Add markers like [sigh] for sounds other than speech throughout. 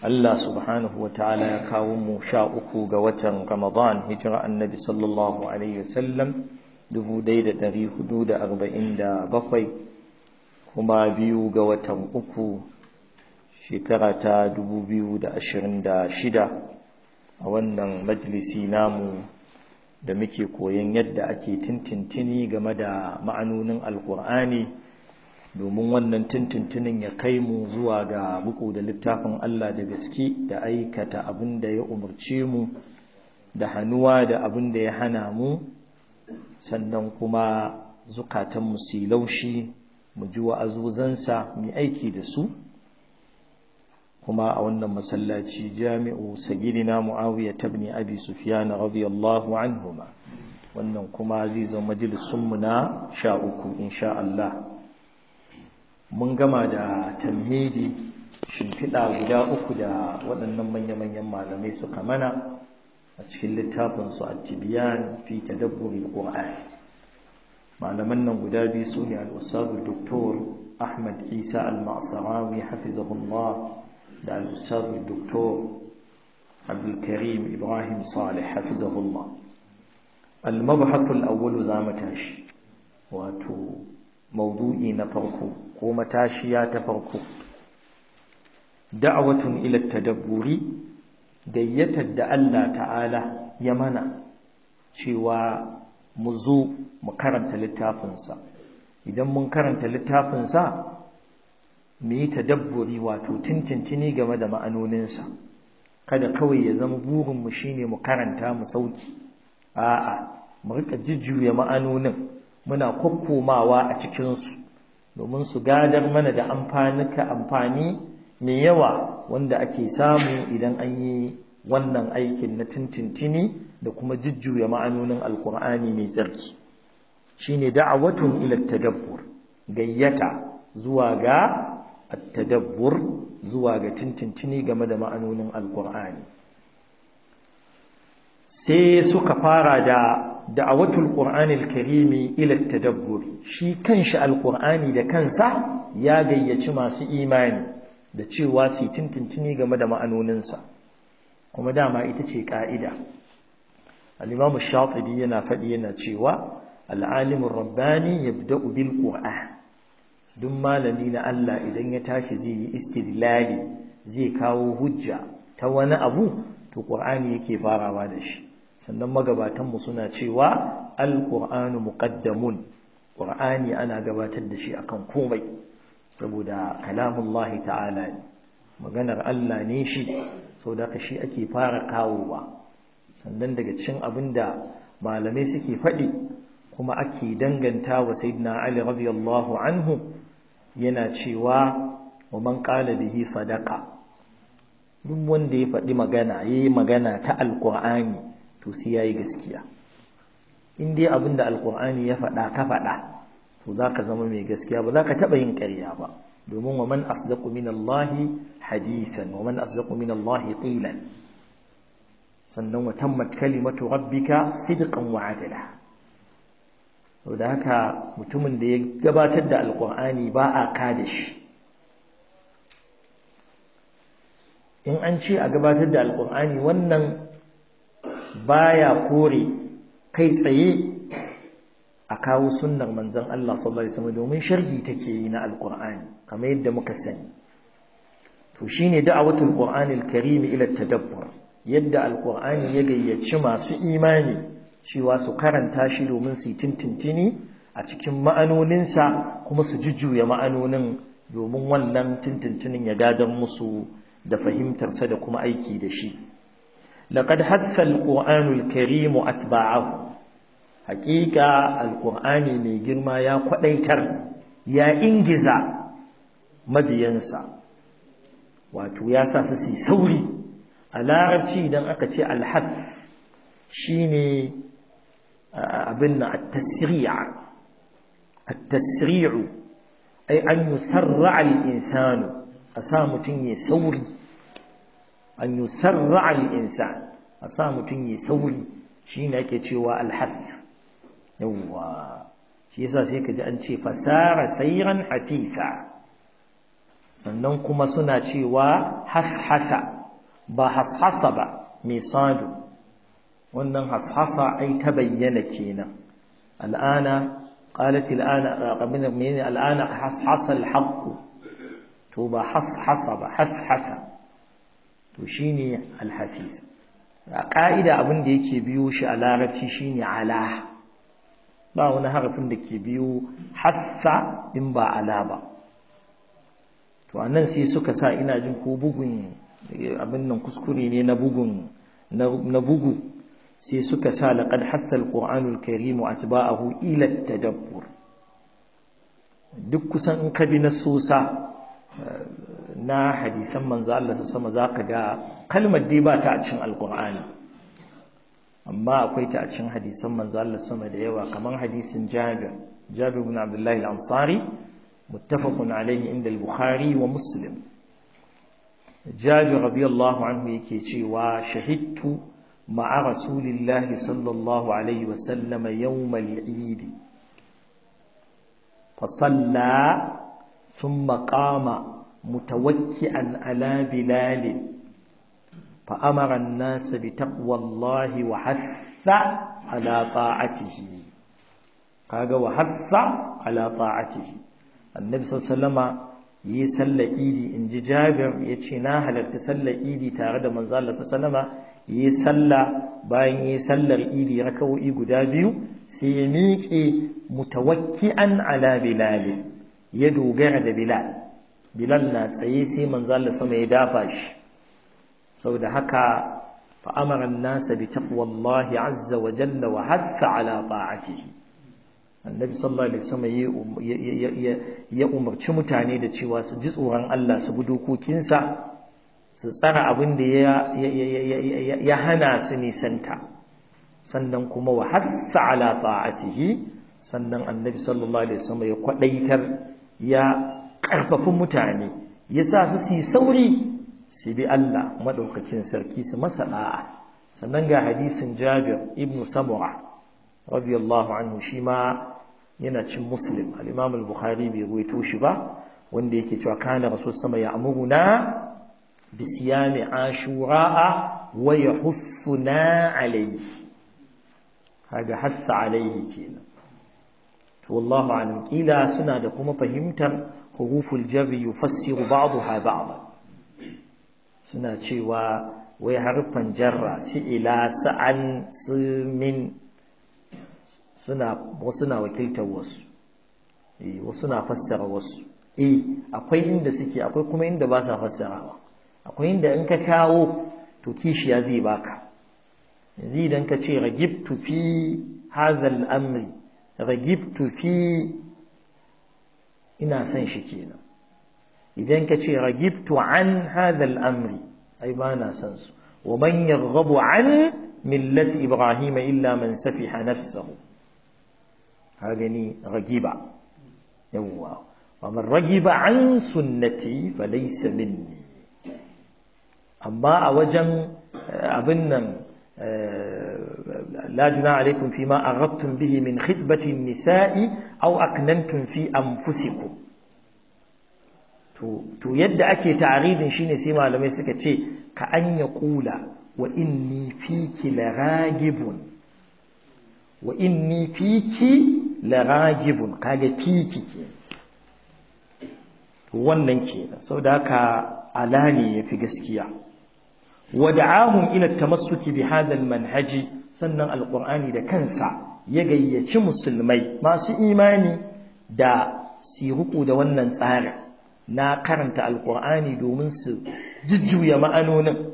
Allah subhanahu wa ta'ala ya kawo mu sha uku ga watan Ramadan hijira annabi sallallahu alaihi wasallam 1447 kuma biyu ga watan uku shekara ta 2026 a wannan majalisi namu da muke koyon yadda ake tintintini game da ma'anonin alkur'ani domin wannan tuntuntunin ya kai mu zuwa ga buku da littafin Allah da gaske da aikata abin da ya umarce mu da hannuwa da abin da ya hana mu sannan kuma zukatan mu laushi mu ji wa'azuzansa mu aiki da su kuma a wannan masallaci jami'u sagidina muawiya tabni abi sufyan radiyallahu anhuma wannan kuma zai zama majalisun mu na sha uku insha Allah mun gama da tamhidi shimfiɗa guda uku da waɗannan manya-manyan malamai suka mana a cikin littafin su at-tibyan fi tadabbur al-qur'an malaman nan guda biyu su ne al-ustadh dr ahmad isa al-ma'asarawi hafizahullah da al'usabu doktor abdulkarim ibrahim salih hafizahullah al-mabhasul awwalu za mu tashi wato maudu'i na farko ko matashiya ta farko da'awatun ila tadabburi gayyatar da Allah ta'ala ya mana cewa mu zo mu karanta littafinsa idan mun karanta littafinsa mu yi tadabburi wato tintintini game da ma'anoninsa kada kawai ya zama burinmu shine mu karanta mu sauki a'a mu rika jujjuya ma'anonin muna kwakkomawa a cikinsu domin su gadar mana da ka amfani mai yawa wanda ake samu idan an yi wannan aikin na tintintini da kuma jujjuya ma'anonin alkur'ani mai tsarki Shi shine da'awatun ilar tadabbur gayyata zuwa ga tadabbur zuwa ga tintintini game da ma'anonin alkur'ani sai suka fara da da'awatul qur'anil karimi ila tadabbur shi kanshi alqur'ani da kansa ya gayyaci masu imani da cewa su tintintini game da ma'anoninsa kuma dama ita ce ka'ida al-imam shatibi yana faɗi yana cewa al ar rabbani yabda'u bil qur'an duk malami na Allah idan ya tashi zai yi istidlali zai kawo hujja ta wani abu to qur'ani yake farawa da shi sannan magabatanmu suna cewa alƙur'anu muqaddamun ƙur'ani ana gabatar da shi akan komai saboda kalamullahi ta'ala ne maganar Allah ne shi sau da shi ake fara kawowa sannan daga cikin abin da malamai suke faɗi kuma ake danganta wa sayyidina Ali radiyallahu anhu yana cewa wa man qala bihi sadaqa duk wanda ya faɗi magana yayi magana ta Alƙur'ani. to sai yayi gaskiya in dai abin da alqur'ani ya faɗa ka faɗa to zaka zama mai gaskiya ba zaka taɓa yin ƙarya ba domin wa man asdaqu min hadisan, wa man asdaqu min qilan sannan wa tammat kalimatu rabbika sidqan wa adla to da haka mutumin da ya gabatar da alqur'ani ba a kada shi in an ce a gabatar da alqur'ani wannan baya kore kai tsaye a kawo sunnar manzon Allah sallallahu alaihi wasallam domin sharhi take yi na alqur'ani kamar yadda muka sani to shine da'awatul qur'anil karim ila tadabbur yadda alqur'ani ya gayyaci masu imani cewa su karanta shi domin su tintintini a cikin ma'anoninsa kuma su jujjuya ma'anonin domin wannan tintintinin ya gadan musu da fahimtarsa da kuma aiki da shi laqad hassa alqur'anu alkarim atba'ahu haqiqa alqur'ani mai girma ya kwadaitar ya ingiza mabiyansa wato ya sa su su sauri a larabci idan aka ce alhass shine abin na at-tasri'a التسريع أي a sa mutum أسامة sauri. an yusarra al-insan a sa mutum ya sauri shi ne ake cewa al-hath yawwa shi yasa sai ka kaji an ce fasara sayran hatitha sannan kuma suna cewa hashasa ba hashasa ba mai sadu wannan hashasa ai ta bayyana kenan al'ana قالت الآن من الآن حصحص الحق توبة حصحص حثحث to shi ne alhasis a ƙa'ida abin da yake biyo shi a larabci ne ala ba wani harafin da ke biyo hassa in ba ala ba to nan sai suka sa ina jin ko bugun abin nan kuskure ne na bugu sai suka sa laqad hassa alqur'anul a atba'ahu ila tadabbur duk kusan in ka bi na sosa na hadisan manzo Allah ta sama za ka ga kalmar dai ba ta a cikin alkur'ani amma akwai ta a cikin hadisan manzo Allah sama da yawa kamar hadisin Jabir Jabir ibn Abdullah al-Ansari muttafaqun alayhi inda al-Bukhari wa Muslim Jabir radiyallahu anhu yake cewa shahidtu ma'a rasulillahi sallallahu alaihi wa sallama yawmal eid fa salla thumma qama متوكئا على بلال فأمر الناس بتقوى الله وحث على طاعته قال وحث على طاعته النبي صلى الله عليه وسلم yi sallar idi in ji jabir ya ce na halarci sallar idi tare da manzo Allah sallama yi sallah bayan yi sallar idi raka'o'i guda biyu sai ya miƙe mutawakki'an ala bilal ya dogara da bilal bilal na tsaye sai manzo Allah sama ya dafa shi saboda haka fa amara an-nasa bi taqwallahi azza wa jalla wa hassa ala ta'atihi annabi sallallahu alaihi wasallam ya um-, umarci mutane da cewa su ji tsoron Allah su bi dokokinsa su tsara abin da ya hana su nisanta sannan kuma wa hassa ala ta'atihi sannan annabi sallallahu alaihi wasallam ya kwadaitar ya ƙarfafin mutane ya sa su su yi sauri su bi Allah maɗaukacin sarki su masa ɗa'a sannan ga hadisin jabir ibn samura radiyallahu anhu shi ma yana cin muslim al bukhari bai goyi toshi ba wanda yake cewa kana su sama ya amuruna bi mai ashura'a wa na alayhi kaga hassa alayhi kenan wallahu alam kila suna da kuma fahimtar huruful jarri yufassiru ba'daha ba'da suna cewa wai harfan jarra si ila sa'an simin suna wasu na wakiltar wasu eh wasu na fassara wasu eh akwai inda suke akwai kuma inda ba sa fassarawa akwai inda in ka kawo to kishiya zai baka yanzu idan ka ce ragibtu fi hadha al-amri رجبت في ان سن شكينا اذا كتي رجبت عن هذا الامر اي بانا سنس ومن يرغب عن مله ابراهيم الا من سفح نفسه هاجني رغبا يوا ومن رجب عن سنتي فليس مني اما وجن ابنن آه، لا جناح عليكم فيما أغضتم به من خطبة النساء أو أكننتم في أنفسكم to yadda ake ta'aridin shine sai malamai suka ce ka an ya kula wa inni fiki laragibun wa inni fiki laragibun kaga fiki ke wannan kenan saboda haka alani yafi gaskiya wada'ahum ila tamassuki bi hadha manhaji sannan alƙur'ani da kansa ya gayyaci musulmai masu imani da siruku da wannan tsarin na karanta alƙur'ani domin su jujjuya ma'anonin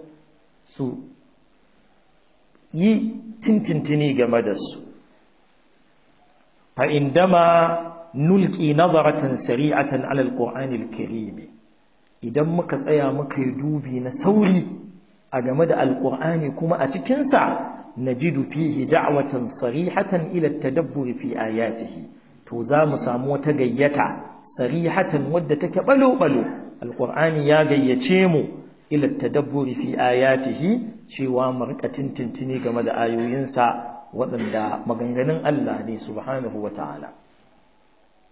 su yi tintintini game da su fa'indama nulki nazaratan sari'atan alal ƙur'anil kirimi idan muka tsaya muka yi dubi na sauri a game da alƙur'ani kuma a cikinsa najidu fihi da'watan sarihatan ila tadabburi fi ayatihi to za mu samu wata gayyata sarihatan wadda take balo-balo alƙur'ani ya gayyace mu ila tadabburi fi ayatihi cewa mu rika game da ayoyinsa waɗanda maganganun Allah ne subhanahu wa ta'ala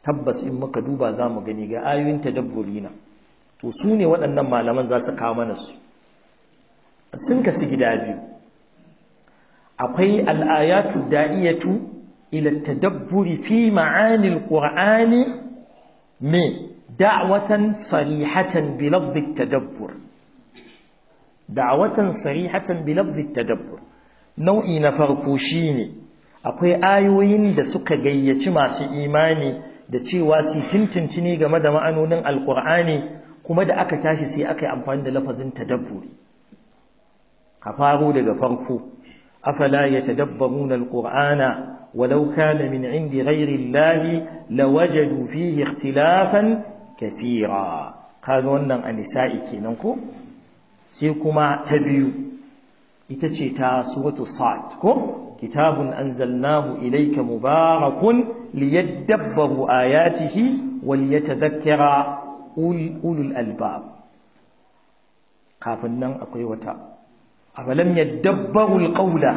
tabbas in muka duba za mu gani ga ayoyin tadabburi na to su ne waɗannan malaman za su kawo mana su sun kasu gida biyu akwai al'ayatu da'iyatu ila dabburi fi ma'anil ƙur'ani me da'watan sarihatan bi ta tadabbur sarihatan bi lafzi tadabbur nau'i na farko shi ne. akwai ayoyin da suka gayyaci masu imani da cewa su tuntunci ne game da ma'anonin alqur'ani kuma da aka tashi sai aka yi amfani da lafazin tadabburi a faro daga farko afala yatadabbaruna alqur'ana walau kana min indi ghairi llahi lawajadu fihi ikhtilafan kathira kaga wannan nisa'i kenan ko sai kuma ta biyu ita ce ta suratu sa'ad ko kitabun anzalnahu ilayka mubarakun liyadabbaru ayatihi wa liyatadhakkara ulul albab kafin nan akwai wata awalam yadabbaru ƙaula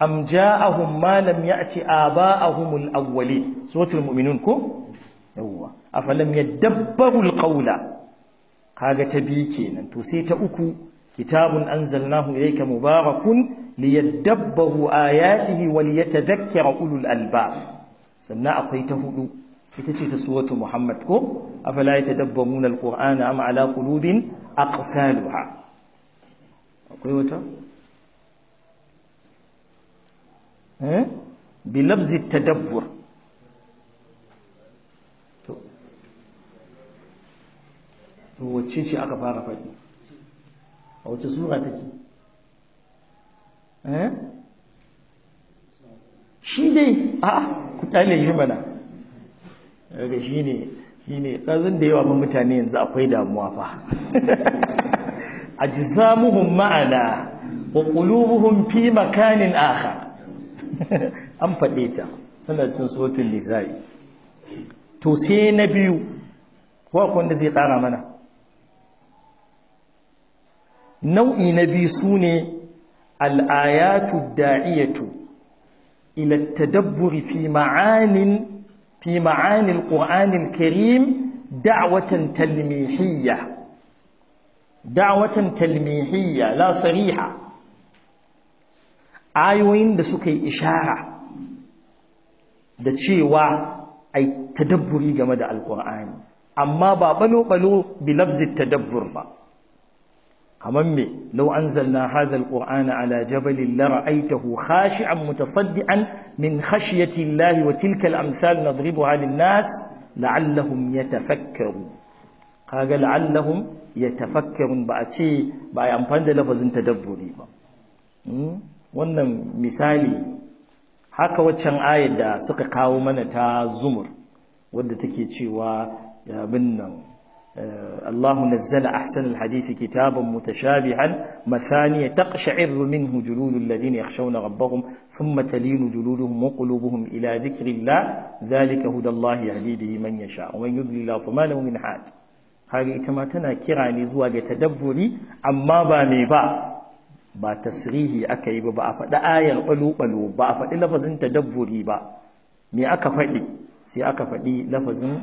am ja'ahum ma lam ya'ti aba'ahum alawwalin suratul mu'minun ko yawwa afalam yadabbaru alqawla kaga ta bi kenan to sai ta uku kitabun anzalnahu ilayka mubarakun wani ya ta zakkira ulul alba, sannan akwai ta hudu ita ce ta suratu muhammad ko afala yatadabbaruna alqur'ana am ala qulubin aqsaluha akwai wata eh? bilabzi tadabbur to wacce ce aka fara faɗi a wacce sura take eh? shi dai a ku tale shi mana daga shi ne shi ne ɗazin da yawa mutane yanzu akwai damuwa fa [laughs] ajzamuhum ma'ana wa qulubuhum fi makanin akhar [laughs] an faɗe ta tana cin suratul nisa'i to sai na biyu ko wanda zai ƙara mana nau'i na biyu sune al'ayatu da'iyatu ila tadabburi fi ma'anin fi ma'anin qur'anil karim da'watan talmihiyya دعوة تلميحية لا صريحة آيوين دا سوكي إشارة دا تشيوا أي تدبري جمد القرآن أما بابلو بلو بلفظ التدبر با أمامي لو أنزلنا هذا القرآن على جبل لرأيته خاشعا متصدعا من خشية الله وتلك الأمثال نضربها للناس لعلهم يتفكرون kaga la'allahum yatafakkarun ba a ce ba a amfani da lafazin tadabburi ba hmm? wannan misali haka waccan ayar da suka kawo mana ta zumur wanda take cewa abin nan الله نزل أحسن الحديث كتابا متشابها مثانية تقشعر منه جلود الذين يخشون ربهم ثم تلين جلودهم وقلوبهم إلى ذكر الله ذلك هدى الله يهدي به من يشاء ومن يضلل الله فما له من حاج har ita ma tana kira ne zuwa ga tadabburi amma ba me ba ba tasrihi aka yi ba ba a faɗi ayar ɓalo-ɓalo ba a faɗi lafazin tadabburi ba me aka faɗi sai aka faɗi lafazin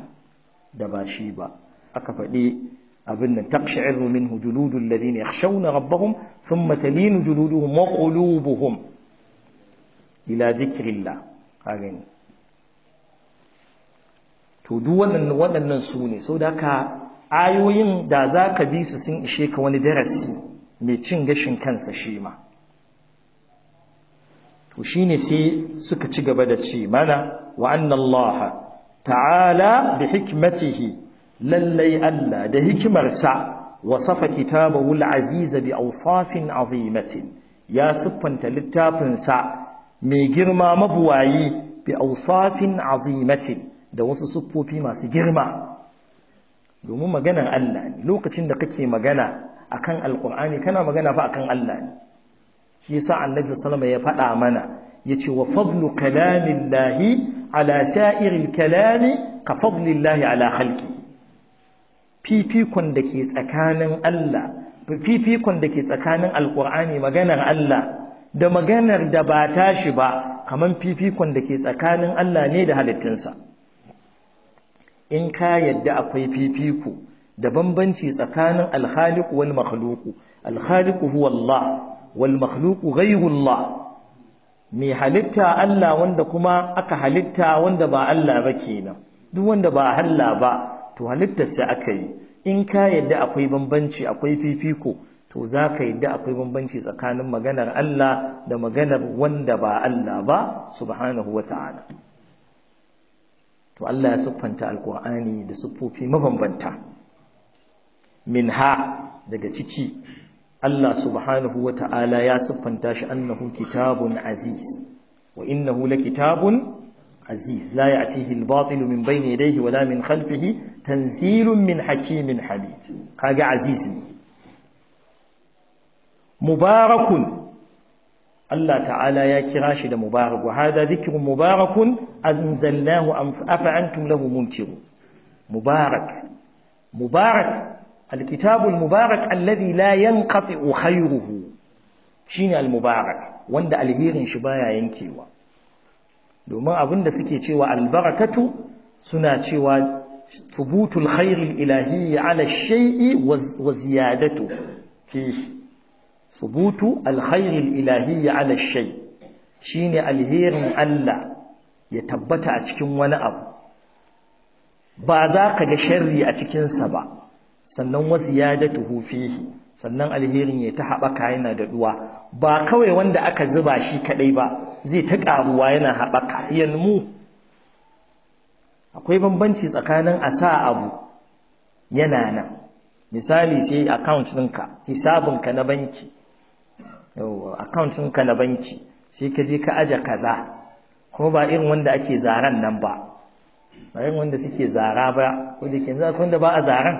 da ba shi ba aka faɗi abin da taqsha'iru minhu juludul ladina yakhshawna rabbahum thumma talinu juluduhum wa qulubuhum ila dhikrillah kaga ne to duk waɗannan waɗannan su ne saboda haka ayoyin da za ka bi su sun ishe ka wani darasi mai cin gashin kansa shi ma to shi ne sai suka ci gaba da ce mana wa annallaha ta'ala bi hikmatihi lallai Allah da hikimarsa wasafa kitabahu al-aziz bi ausafin azimatin ya siffanta littafinsa mai girma mabuwayi bi ausafin azimatin da wasu siffofi masu girma domin maganar Allah ne lokacin da kake magana akan alkur'ani kana magana fa akan Allah ne shi yasa annabi sallama ya faɗa mana ya ce wa fadlu kalamillahi ala sa'iril kalami ka fadlillahi ala khalqi fifikon da ke tsakanin Allah fifikon da ke tsakanin alkur'ani maganar Allah da maganar da ba tashi ba kaman fifikon da ke tsakanin Allah ne da halittinsa. in ka yadda akwai fifiko da bambanci tsakanin alkhaliq wal makhluq alkhaliq huwa Allah wal makhluq ghayru mai halitta Allah wanda kuma aka halitta wanda ba Allah ba kenan duk wanda ba Allah ba to halittar aka yi in ka yadda akwai bambanci akwai fifiko to za ka yadda akwai bambanci tsakanin maganar Allah da maganar wanda ba Allah ba subhanahu wa to Allah ya siffanta alkur'ani da siffofi mabambanta minha daga ciki Allah subhanahu wata'ala ya siffanta shi annahu kitabun aziz wa innahu kitabun aziz la ya'tihi al-batil min bayni yadayhi wala min khalfihi tanzilun min hakimin hamid kaga aziz mubarakun Allah ta'ala ya kira shi da mubarak wa hada zikrun mubarakun anzalnahu afa antum lahu munkiru mubarak mubarak الكتاب المبارك الذي u ينقطع خيره shine al-mubarak wanda alherin shi baya yankewa domin abinda suke cewa albarakatu suna cewa thubutul khairil ilahiyyi ala shay'i wa ziyadatu fi subutu alkhairul ilahiyya ala shay shine alherin Allah ya tabbata a cikin wani abu ba za ka ga sharri a cikinsa ba sannan wasu ya da tuhufihi sannan alherin ya ta haɓaka yana da duwa, ba kawai wanda aka zuba shi kaɗai ba zai ta ƙaruwa yana haɓaka yanmu akwai bambanci tsakanin a sa abu yana nan misali sai account ɗinka hisabinka na banki yawwa account ɗinka na banki sai ka je ka aje kaza ko ba irin wanda ake zaren nan ba ba irin wanda suke zara ba ko da ke yanzu wanda ba a zaren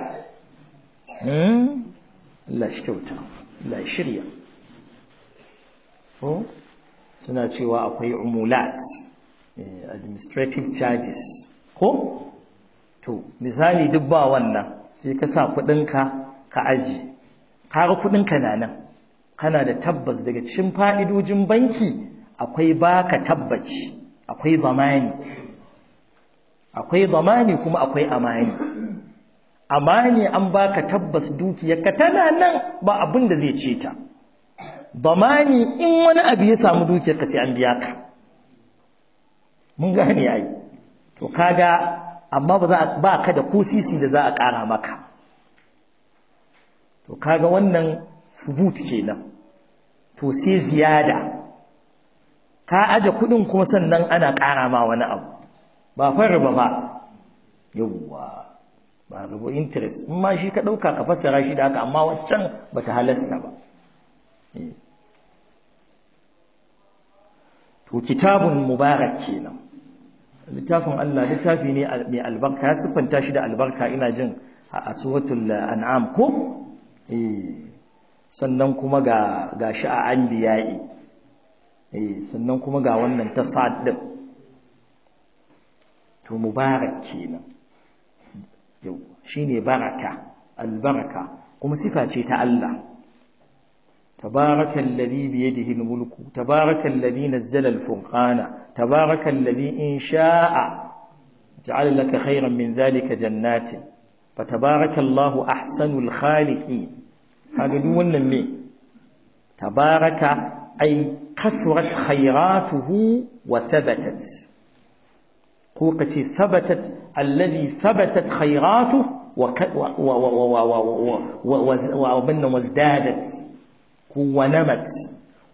hmm? Allah shi kyauta Allah shirya ko suna cewa akwai umulat eh, administrative charges ko to misali duk ba wannan sai ka sa kuɗinka ka aji kaga kuɗinka na nan kana da tabbas daga cikin fa'idojin banki akwai baka tabbaci akwai zamani akwai zamani kuma akwai amani amani an baka tabbas dukiyarka tana nan ba abin da zai ce ta zamani in wani abu ya samu dukiyarka sai an biya ka mun gane yi to kaga amma ba za ba ka da kusisi da za a ƙara maka to kaga wannan subut kenan to sai ziyada ka aje kudin kuma sannan ana ƙara ma wani abu ba fa ba yawa ba riba interest in ma shi ka ɗauka ka fassara shi da haka amma waccan ba ta halasta ba eh. to kitabun mubarak kenan littafin Allah littafi ne mai albarka ya siffanta shi da albarka ina jin a suratul eh, an'am ko eh sannan kuma ga gashi a anbiya'i eh sannan kuma ga wannan ta saddiq to mubarak kenan yau shine baraka albaraka kuma sifa ce ta Allah Tabarakan ladhi bi yadihi almulku tabarakal ladhi nazzala alfurqana tabarakal ladhi in sha'a ja'ala laka khayran min dhalika jannatin فتبارك الله ahsanul الخالقين هذا وننم تبارك أي كثرت خيراته وثبتت قوقتي ثبتت الذي ثبتت خيراته وازدادت ونمت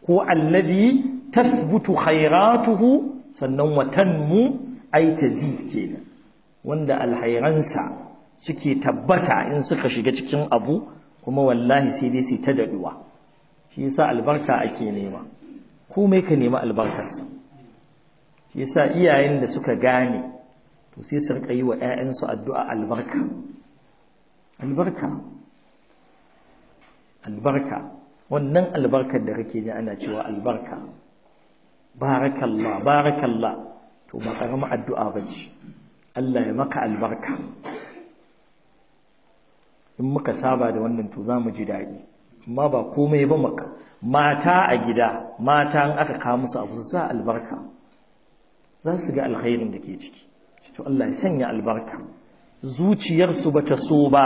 هو الذي تثبت خيراته سنو وتنمو أي تزيد كينا وند الحيرانسا سكي تبتع إن سكشي كتكين أبو kuma wallahi sai dai sai ta daduwa shi yasa albarka ake nema komai ka nema sa? shi yasa iyayen da suka gane to sai su rika yi wa ƴaƴansu addu'a albarka albarka albarka wannan albarkar da kake ji ana cewa albarka barakallah barakallah to ba karama addu'a bace Allah ya maka albarka in muka saba da wannan to za mu ji daɗi amma ba komai ba mata a gida mata in aka kawo musu abu su sa albarka za su ga alkhairin da ke ciki to Allah ya sanya albarka zuciyarsu ba ta so ba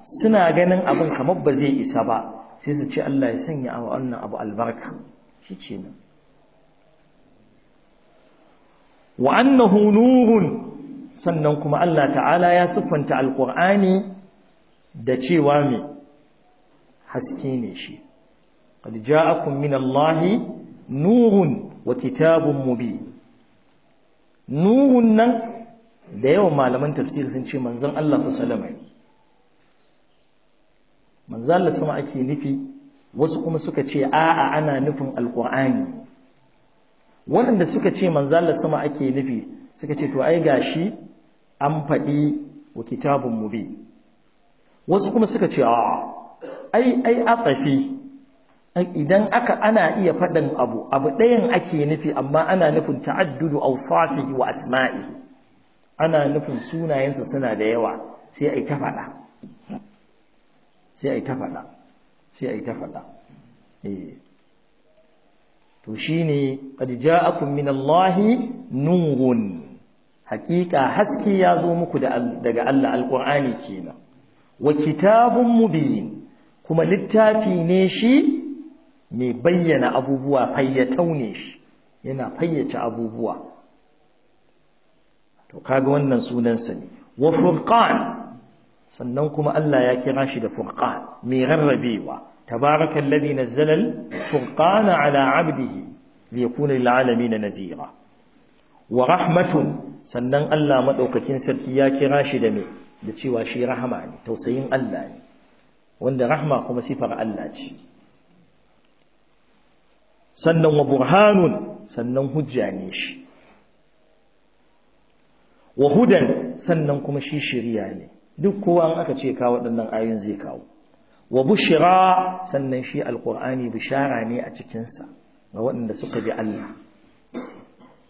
suna ganin abin kamar ba zai isa ba sai su ce Allah ya sanya a wannan abu albarka shi ce nan wa annahu nurun sannan kuma Allah ta'ala ya siffanta alqur'ani da cewa mai haske ne shi qad ja'akum min Allahi nurun wa kitabun mubi nurun nan da yawan malaman tafsir sun ce manzan Allah sallallahu alaihi manzan Allah sama ake nufi wasu kuma suka ce a'a ana nufin alqur'ani waɗanda suka ce manzan Allah sama ake nufi suka ce to ai gashi an faɗi wa kitabun mubi wasu kuma suka ce a ai ai atafi idan aka ana iya faɗin abu abu ɗayan ake nufi amma ana nufin ta'addudu awsafihi wa asma'ihi ana nufin sunayensa suna da yawa sai ai ta faɗa sai ai ta faɗa sai ai ta faɗa eh. to shine qad ja'akum min Allahi nurun haqiqa haske ya zo muku daga Allah alqur'ani kenan wa kitabun mubin kuma littafi ne shi mai bayyana abubuwa fayyataune shi yana fayyace abubuwa to kaga wannan sunansa ne wa furqan sannan kuma Allah ya kira shi da furqan mai rarrabewa tabarakal ladhi nazzala al-furqana ala 'abdihi liyakuna lil 'alamin nazira wa rahmatun sannan Allah madaukakin sarki ya kira shi da mai da cewa shi rahama ne tausayin Allah ne wanda rahma kuma sifar Allah ce sannan wa burhanun sannan hujja ne shi wa hudan sannan kuma shi shiriya ne duk kowa aka ce ka waɗannan ayoyin zai kawo wa bushira sannan shi alkur'ani bishara ne a cikinsa ga waɗanda suka bi Allah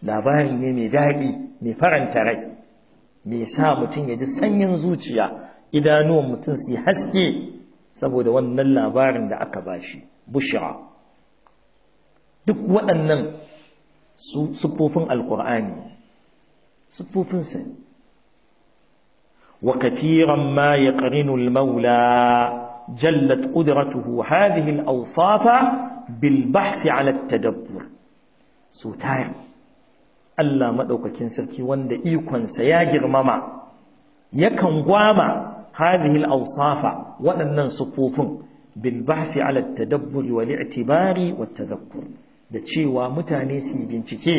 labari ne mai daɗi mai faranta rai mai sa mutun ya ji sanyin zuciya idanuwan mutun su haske saboda wannan labarin da aka bashi bushra duk waɗannan su sufofin alqur'ani sufofin siffofinsa wa katiran ma yaqrinu almawla jallat qudratuhu hadhihi alawsafa bilbahth 'ala at su so tayar Allah maɗaukakin sarki wanda ikonsa ya girmama yakan gwama hadhihi ausafa waɗannan sufufin bil bahthi ala at-tadabbur wal i'tibari wat da cewa mutane su bincike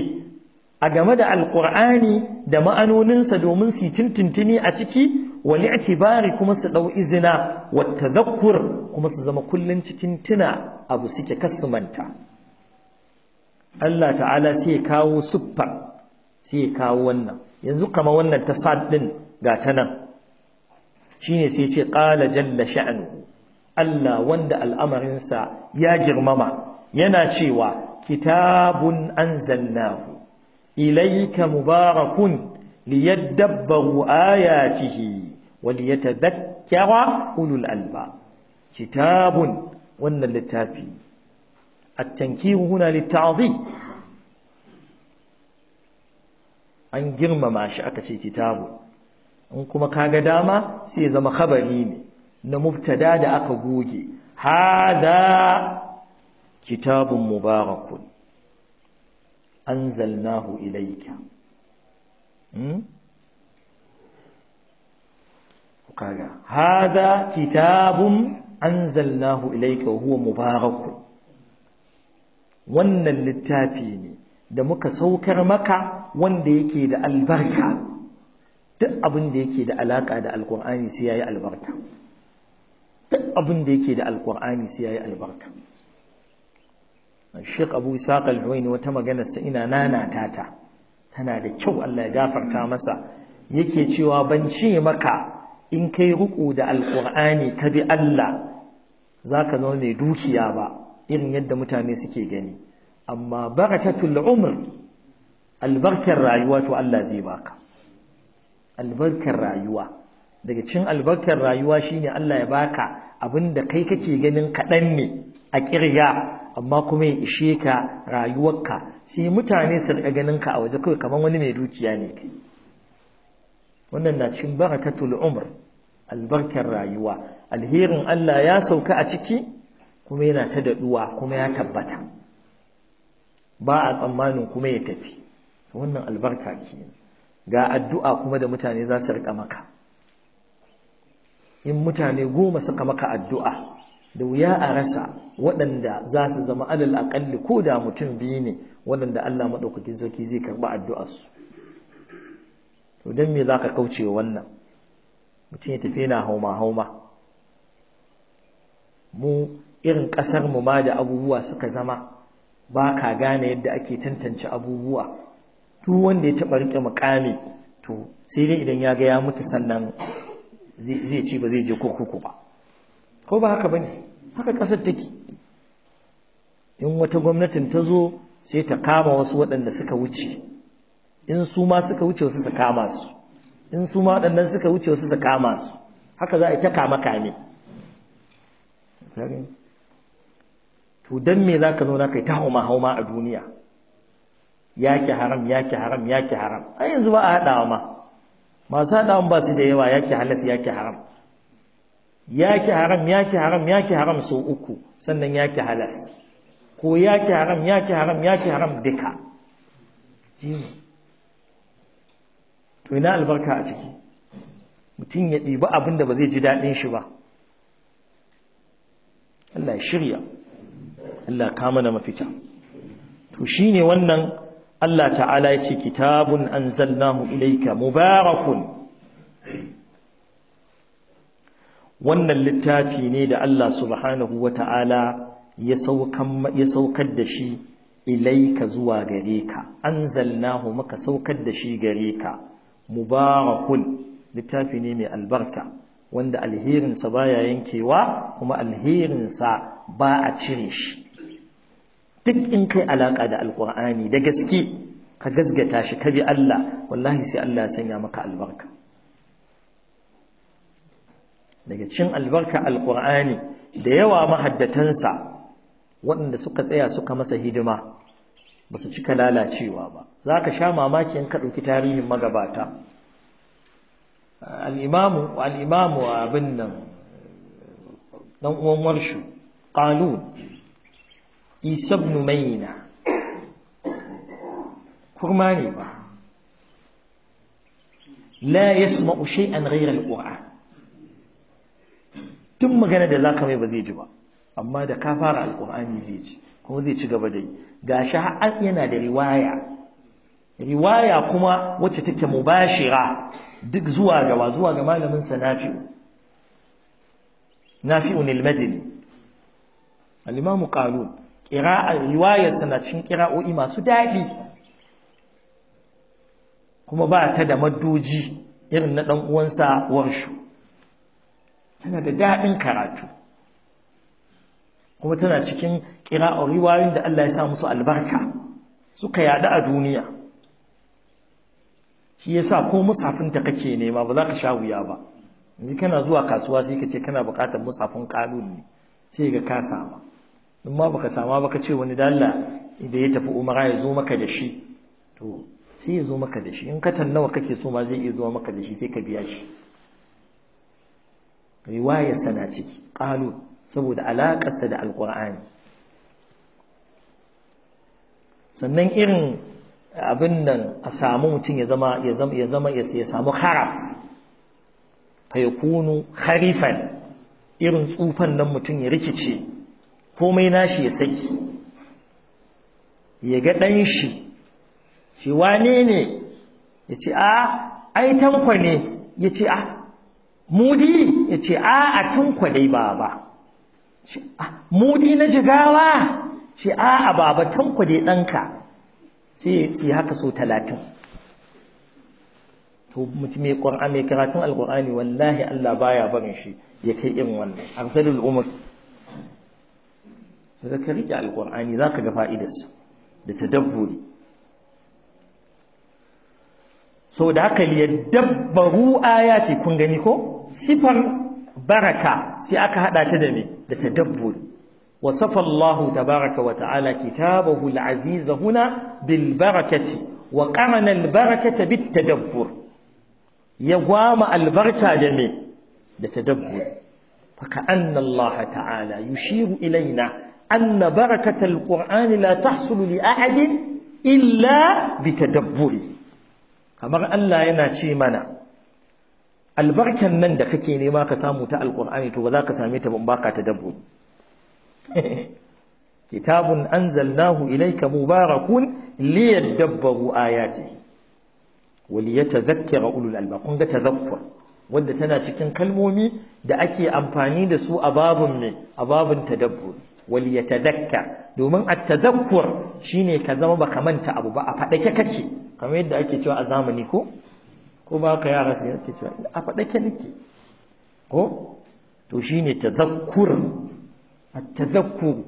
a game da alqur'ani da ma'anoninsa domin su tuntuntuni a ciki wal i'tibari kuma su ɗau izina wat tadhakkur kuma su zama kullun cikin tuna abu suke kasumanta Allah ta'ala sai kawo siffar sai kawo wannan yanzu kama wannan ta sad din ga ta nan shine sai ce qala jalla sha'nuhu Allah wanda al'amarinsa ya girmama yana cewa kitabun anzalnahu ilayka mubarakun liyadabbaru ayatihi wa ulul alba. kitabun wannan littafi التنكير هنا للتعظيم an girmama shi aka ce kitabu in kuma kaga dama sai zama khabari ne na mubtada da aka goge hada kitabun mubarakun anzalnahu ilayka kaga hada kitabun anzalnahu ilayka huwa mubarakun wannan littafi ne da muka saukar maka wanda yake da albarka duk abin da yake da alaka da alkur'ani sai yayi albarka duk abin da yake da alkur'ani sai yayi albarka Sheikh Abu Isaq Al-Huwaini wata maganar sa ina nana ta tana da kyau Allah ya gafarta masa yake cewa ban ce maka in kai ruku da alkur'ani ka bi Allah zaka zo mai dukiya ba irin yadda mutane suke gani amma barakatul umr albarkar rayuwa to Allah zai baka albarkar rayuwa daga cikin albarkar rayuwa shine Allah ya baka abinda kai kake ganin kaɗan ne a ƙirya, amma kuma ya ishe ka rayuwarka sai mutane su riƙa ganin ka a waje kawai kamar wani mai dukiya ne wannan na cikin barakatul umr albarkar rayuwa alherin Allah ya sauka a ciki kuma yana ta daɗuwa kuma ya tabbata ba a tsammanin kuma ya tafi wannan albarka ke ga addu'a kuma da mutane za su riƙa maka in mutane goma suka maka addu'a da wuya a rasa waɗanda za su zama alal aƙalli ko da mutum biyu ne waɗanda Allah maɗaukaki zoki zai karɓi addu'arsu to don me za ka kauce wannan mutum ya tafi na hauma-hauma mu irin ƙasar mu ma da abubuwa suka zama ba ka gane yadda ake tantance abubuwa duk wanda ya taɓa riƙe muƙami to sai dai idan ya ga ya mutu sannan zai ci ba zai je kurkuku ba ko ba haka bane haka ƙasar take in wata gwamnatin ta zo sai ta kama wasu waɗanda suka wuce in su ma suka wuce wasu su kama su in su ma waɗannan suka wuce wasu su kama su haka za a yi ta kama kame to dan me zaka na kai ta hauma hauma a duniya yaki haram yaki haram yaki haram ai yanzu ba a hadawa ma masu hadawan ba su da yawa yaki halas yaki haram yaki haram yaki haram yaki haram sau uku sannan yaki halas ko yaki haram yaki haram yaki haram duka to ina albarka a ciki mutum ya ɗiba abin da ba zai ji daɗin shi ba Allah ya shirya Allah ka mana mafita to ne wannan Allah ta'ala ya ce kitabun anzalnahu ilayka mubarakun wannan littafi ne da Allah subhanahu Ta'ala ya saukar da shi ilaika zuwa gare ka anzalnahu maka saukar da shi gare ka mubarakun littafi ne mai albarka wanda alherinsa baya yankewa kuma alherinsa ba a cire shi duk in kai alaƙa da alkur'ani da gaske ka gazgata shi ka bi Allah wallahi sai Allah ya sanya maka albarka daga cikin albarka alkur'ani da yawa mahaddatansa waɗanda suka tsaya suka masa hidima ba su cika lalacewa ba za ka sha mamaki in ka ɗauki tarihin magabata al'imamu al'imamu abin nan ɗan warshu ƙalun isa ibn maina kurma ne ba la yasma'u shay'an ghayra al-qur'an tun magana da zaka mai ba zai ji ba amma da ka fara alqur'ani zai ji kuma zai ci gaba da yi gashi har yana da riwaya riwaya kuma wacce take mubashira duk zuwa ga zuwa ga malamin sa nafi'u nafi'un al-madini al-imam qalun ƙira'ar riwayar sanacin ƙira'o'i masu daɗi kuma ba ta da madoji irin na ɗan'uwansa warshu tana da daɗin karatu kuma tana cikin ƙira'ar riwayoyin da Allah ya sa musu albarka suka yaɗu a duniya shi ya sa ko musafinta kake nema ba za ka sha wuya ba yanzu kana zuwa kasuwa sai ka ce kana bukatar musafin ƙalun ne sai ga ka sama in ma baka sama baka ce wani dalla idan ya tafi umara ya zo maka da shi to sai ya zo maka da shi in katan nawa kake so ma zai iya zuwa maka da shi sai ka biya shi riwayar sana ciki qalu saboda alaƙarsa da Alƙur'ani. sannan irin abin nan a samu mutum ya zama ya zama ya zama ya samu kharaf fa yakunu kharifan irin tsufan nan mutum ya rikice komai nashi ya saki ya ga ɗan shi shi wane ne ya ce a ai tankwa ne ya ce a mudi ya ce a a tankwa dai baba mudi na jigawa ce a a baba tankwa dai ɗanka sai su haka so talatin to mutum mai ƙwar'a mai karatun alƙwar'ani wallahi allah baya barin shi ya kai irin wannan arsalul umar daga ka riƙe alƙur'ani za ka ga fa'idarsa da ta dabbori sau da haka liya dabbaru ce kun gani ko sifar baraka sai aka haɗa ta da me da ta dabbori wasafa Allah tabaraka wa ta'ala kitabahu al-aziz huna bil barakati wa qarana al barakata bit tadabbur ya gwama albarka da me da ta fa ka anna Allah ta'ala yushiru ilaina أن بركة القرآن لا تحصل لأحد إلا بتدبره كما ألا يناتي منا البركة من دككي نما كسامو تاء القرآن تبذا كسامي تبنباك تدبر كتاب أنزلناه إليك مبارك ليدبروا آياته وليتذكر أولو الألباب قم تذكر wadda tana cikin kalmomi da ake amfani da su a babin ne a babin tadabburi wal domin at-tadhakkur shine ka zama baka manta abu ba a fadake kake kamar yadda ake cewa a zamani ko ko ba ka yara sai ake cewa a fadake nake ko to shine tadhakkur at-tadhakkur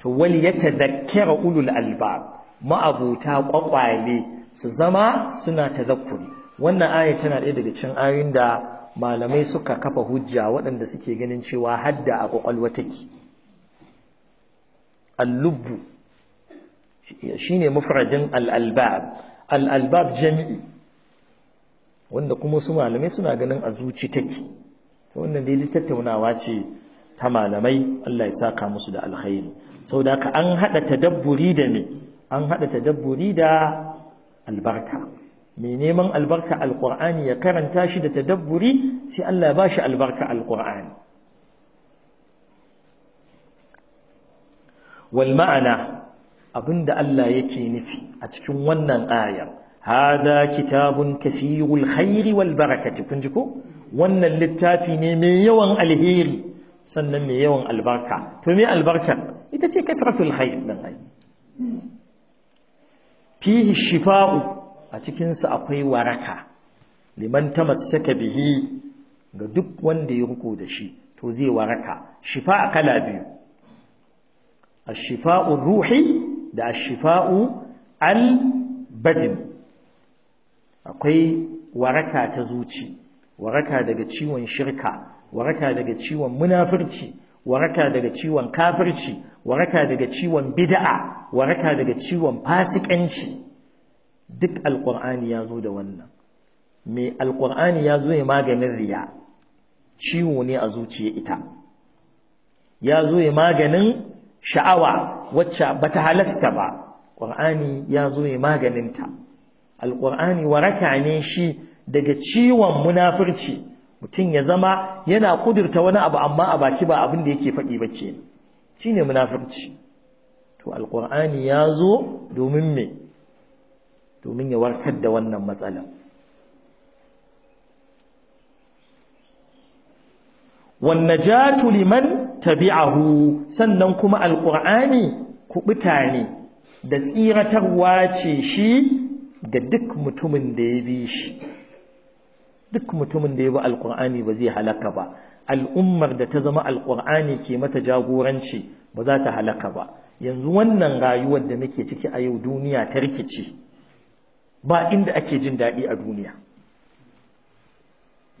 to wal ulul albab ma'abuta kwakwale su zama suna tazakkuri wannan aya tana ɗaya daga cikin ayoyin da malamai suka kafa hujja waɗanda suke ganin cewa hadda a kwakwalwa take al shine mufradin al-albab al-albab jami'i wanda kuma su malamai suna ganin a zuci take wannan dai tattaunawa ce ta malamai Allah ya saka musu da alkhairi saboda haka an hada tadabburi da me an hada tadabburi da albarka mai neman albarka alqur'ani ya karanta shi da tadabburi sai Allah ya bashi albarka alqur'ani wal ma'ana abinda Allah yake nufi a cikin wannan ayar hada kitabun kafirul khairi wal barakati kun ji ko wannan littafi ne mai yawan alheri sannan mai yawan albarka to me albarka ita ce kasratul khair ɗin ai fihi shifa'u a cikin sa akwai waraka liman tamassaka bihi ga duk wanda ya riko da shi to zai waraka shifa kala biyu ashifa'u ruhi da ashifa'u al akwai waraka ta zuci waraka daga ciwon shirka waraka daga ciwon munafurci waraka daga ciwon kafirci waraka daga ciwon bid'a waraka daga ciwon fasikanci duk alqur'ani ya zo da wannan me alqur'ani ya zo ya maganin riya ciwo ne a zuciya ita ya zo ya maganin sha'awa wacce bata halasta ba ƙur'ani ya zo ne maganinta alƙur'ani waraka ne shi daga ciwon munafurci mutum ya zama yana kudurta wani abu amma a baki ba abinda da yake faɗi ba ke ne munafurci to alƙwar'ani ya zo domin me domin ya warkar da wannan matsala ja liman tabi'ahu sannan kuma alqur'ani kubuta ne da tsiratarwa ce shi ga duk mutumin da ya bi shi duk mutumin da ya bi alqur'ani ba zai halaka ba al'ummar da ta zama alqur'ani ke mata jagoranci ba za ta halaka ba yanzu wannan rayuwar da muke ciki a yau duniya ta rikici ba inda ake jin daɗi a duniya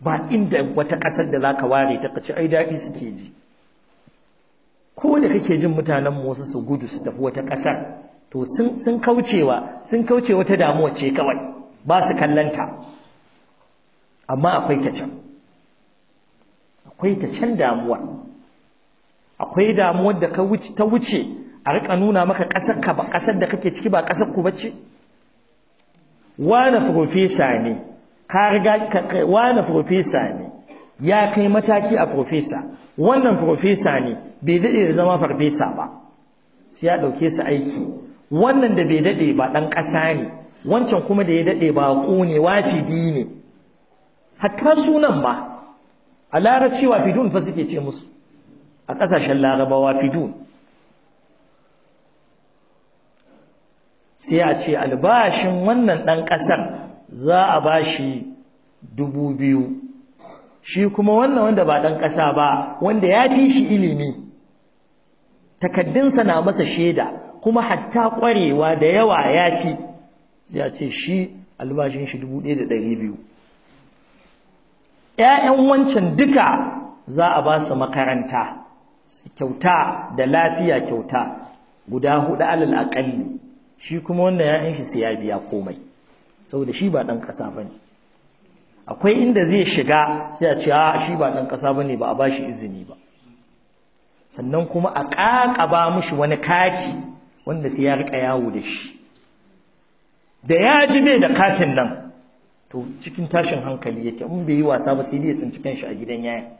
ba inda wata ƙasar da za ka ware ta kaci ai daɗi suke ji ko da kake jin mutanen mu wasu su gudu su tafi wata ƙasar to sun kaucewa sun kaucewa ta damuwa ce kawai ba su kallanta amma akwai ta can akwai ta can damuwa akwai damuwar da ta wuce a rika nuna maka ƙasar ka ba ƙasar da kake ciki ba ƙasar ku bace wani profesa ne ka riga wani profesa ne ya kai mataki a profesa wannan profesa ne bai daɗe da zama farfesa ba sai ya ɗauke su aiki wannan da bai daɗe ba ɗan ƙasa ne wancan kuma da ya daɗe ba ƙo ne wafidi ne hatta sunan ba a larabci wafidun fa suke ce musu a ƙasashen laraba wafidun sai a ce albashin wannan ɗan ƙasar za a ba shi dubu biyu shi kuma wannan wanda ba ɗan ƙasa ba wanda ya fi shi ilimi takaddunsa na masa shaida kuma hatta ƙwarewa da yawa ya fi ya ce shi albashin shi dubu ɗaya da ɗari biyu ‘ya'yan wancan duka za a ba su makaranta kyauta da lafiya kyauta guda hudu alal aƙalli shi kuma wannan ‘ya'yan shi sai ya biya komai Sau da shi ba ɗan ƙasa ba ne akwai inda zai shiga sai a ce a shi ba ɗan ƙasa ba ba a ba shi izini ba sannan kuma a ƙaƙaba mushi wani kaki wanda sai ya rika yawo da shi da ya ji bai da katin nan to cikin tashin hankali yake in bai yi wasa ba sai dai ya tsinci kanshi a gidan yaya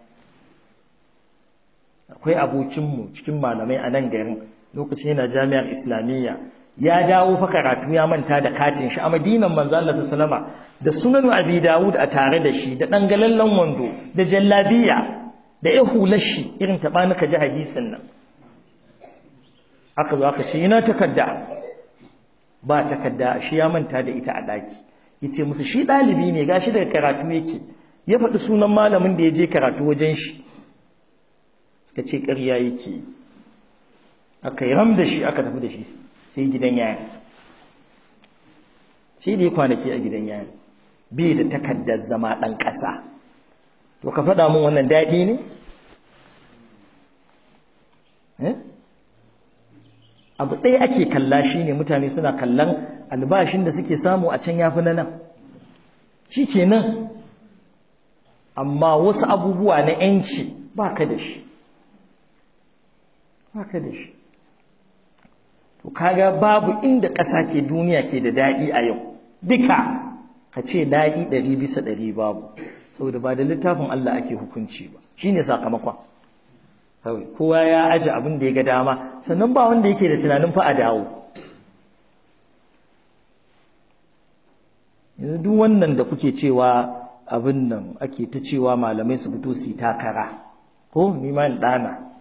akwai abokinmu cikin malamai a nan garin lokacin yana jami'ar islamiyya ya dawo fa karatu ya manta da katin shi a madinan manzo Allah sallama da sunanu abi dawud a tare da shi da dan galallan wando da jallabiya da ihular shi irin ta bani ka ji hadisin nan aka zo aka ce ina takarda ba takarda shi ya manta da ita a daki yace musu shi dalibi ne gashi daga karatu yake ya faɗi sunan malamin da ya je karatu wajen shi suka ce ƙarya yake aka yi ram da shi aka tafi da shi sai gidan yari shi ne kwanaki a gidan yari bi da takardar zama ɗan ƙasa to ka faɗa mun wannan daɗi ne eh? abu ɗaya ake kalla shi ne mutane suna kallon albashin da suke samu a can ya fi nan shi kenan amma wasu abubuwa na ‘yanci ba ka da shi ba ka da shi to kaga babu inda ƙasa ke duniya ke da daɗi a yau duka ka ce daɗi ɗari bisa ɗari babu saboda ba da littafin Allah ake hukunci ba shine sakamakon kawai kowa ya aje abin da ya ga dama sannan ba wanda yake da tunanin fa a dawo yanzu duk wannan da kuke cewa abin nan ake ta cewa malamai su fito su yi takara ko nima ɗana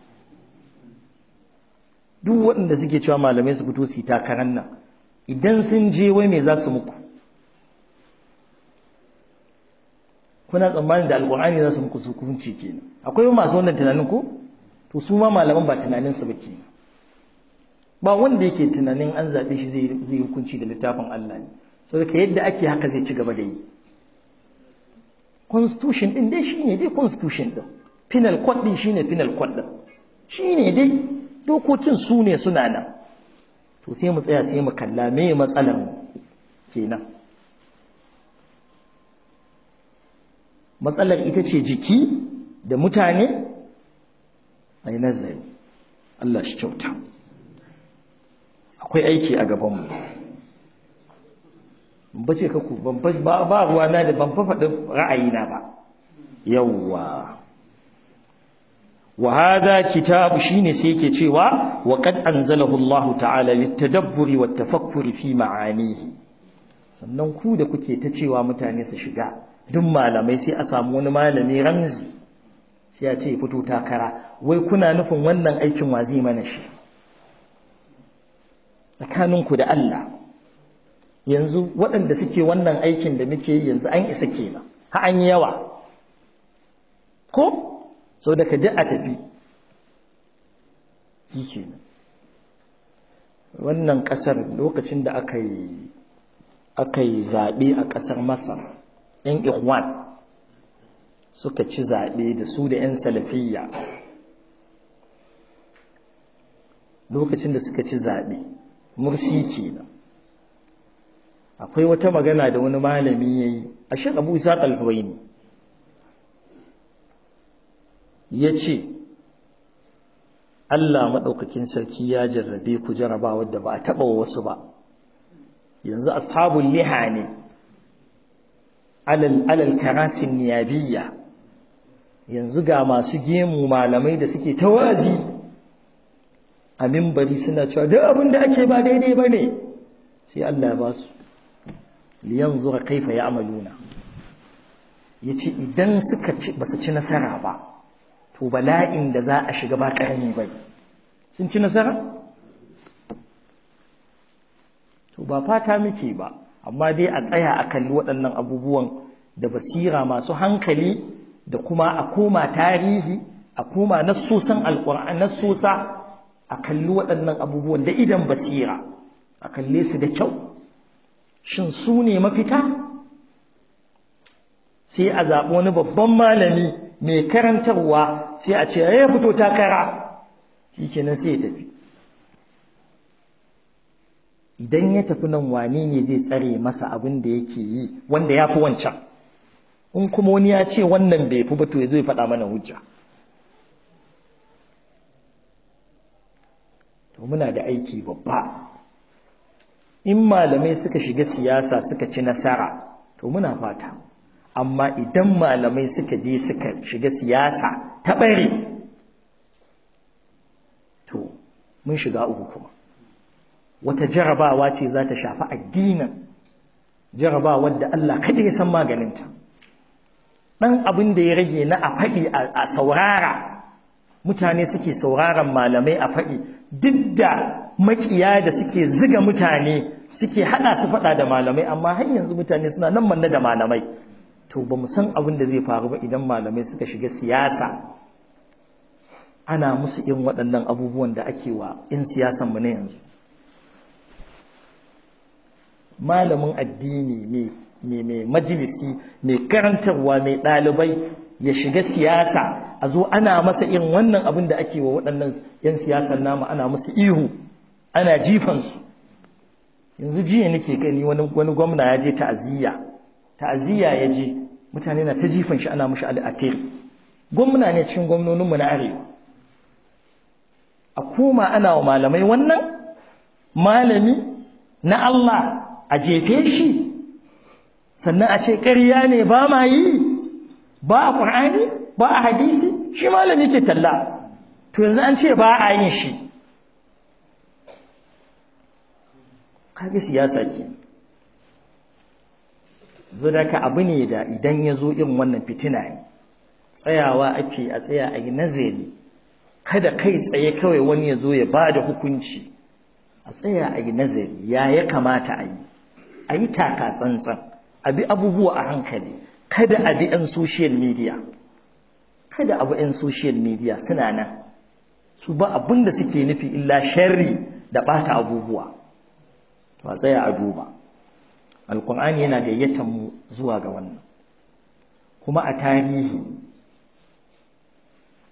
duk waɗanda suke cewa malamai su fito su yi takarar nan idan sun je wai me za su muku kuna tsammanin da alƙur'ani za su muku su hukunci kenan akwai masu wannan tunanin ko to su ma malaman ba tunanin su bake ba wanda yake tunanin an zaɓe shi zai hukunci da littafin Allah ne saboda yadda ake haka zai ci gaba da yi constitution din dai shine dai constitution din penal court din shine penal court din shine dai dokokin su ne suna nan to sai mu tsaya sai mu kalla me matsalar mu kenan matsalar ita ce jiki da mutane a yi nazari Allah shi kyauta akwai aiki a gabanmu bace kaku ku, ba ruwa na da ban faɗi ra'ayina ba yawwa wa hadha kitab shine sai yake cewa wa qad anzalahu Allahu ta'ala litadabburi wa tafakkuri fi ma'anihi sannan ku da kuke ta cewa mutane su shiga duk malamai sai a samu wani malami ramzi sai ya ce fito takara wai kuna nufin wannan aikin wa zai mana shi tsakanin ku da Allah yanzu waɗanda suke wannan aikin da muke yanzu an isa kenan ha an yi yawa ko sau da ka duk a tafi yi ke wannan ƙasar lokacin da aka yi zaɓe a ƙasar masar ‘yan ikhwan suka ci zaɓe da su da ‘yan salafiyya lokacin da suka ci zaɓe mursi kenan akwai wata magana da wani malami ya yi a shi abu isa ƙalfawai ne ya ce Allah maɗaukakin sarki ya jarrabe ku jarabawar da ba a taɓa wa wasu ba yanzu ashabun liha ne alal karasin niyabiyya yanzu ga masu gemu malamai da suke tawazi a mimbari suna cewa duk abin da ake ba daidai ba ne sai Allah ba su liyan zuwa kaifa ya amaluna ya ce idan suka ci nasara ba to bala'in da za a shiga ba ƙarami bai, sun ci nasara? to ba fata muke ba amma dai a tsaya a kalli waɗannan abubuwan da basira masu hankali da kuma a koma tarihi a koma nassosan alƙur'an nassosa a kalli waɗannan abubuwan da idan basira a kalle su da kyau shin su ne mafita sai a zaɓi wani babban malami mai karantarwa sai a ce eh, ya fito takara shi kenan sai ya tafi idan ya tafi nan wane ne zai tsare masa abin da yake yi wanda ya fi wancan in kuma wani ya ce wannan bai fi ba to ya zo faɗa mana hujja to muna da aiki babba in malamai suka shiga siyasa suka ci nasara to muna fata amma idan malamai suka je suka shiga siyasa ta bare to mun shiga uku kuma wata jarabawa ce za ta shafi addinin jarabawar da Allah kada ya san maganinta ɗan abin da ya rage na a faɗi a saurara mutane suke sauraron malamai a faɗi duk da makiya da suke ziga mutane suke haɗa su faɗa da malamai amma har yanzu mutane suna nan manna da malamai to ba mu san abin da zai faru ba idan malamai suka shiga siyasa ana musu yin waɗannan abubuwan da ake wa 'yan mu na yanzu malamin addini ne mai majalisi mai karantarwa mai ɗalibai ya shiga siyasa a zo ana masa yin wannan abin da ake wa waɗannan 'yan siyasan nama ana musu ihu ana jifansu yanzu jiya nake gani wani gwamna ya je ta'aziyya ta'aziyya ya je mutane na ta jifan shi ana mashi al'atir gwamna ne cikin gwamnoninmu na arewa a koma ana wa malamai wannan malami na Allah a jefe shi sannan a ce ƙarya ne ba ma yi ba a ƙur'ani ba a hadisi shi malami ke talla to yanzu an ce ba a yin shi kage siyasa ke zodaka abu ne da idan ya zo irin wannan fitina ne tsayawa ake a tsaya a yi nazari kada kai tsaye kawai wani ya zo ya ba da hukunci a tsaya a yi nazari ya ya kamata a yi a yi taka tsantsan a bi abubuwa a hankali kada a bi 'yan social media kada abu 'yan social media suna nan su ba abin da suke nufi illa sharri da bata abubuwa to a tsaya a duba alƙur'ani yana gayyatar mu zuwa ga wannan kuma a tarihi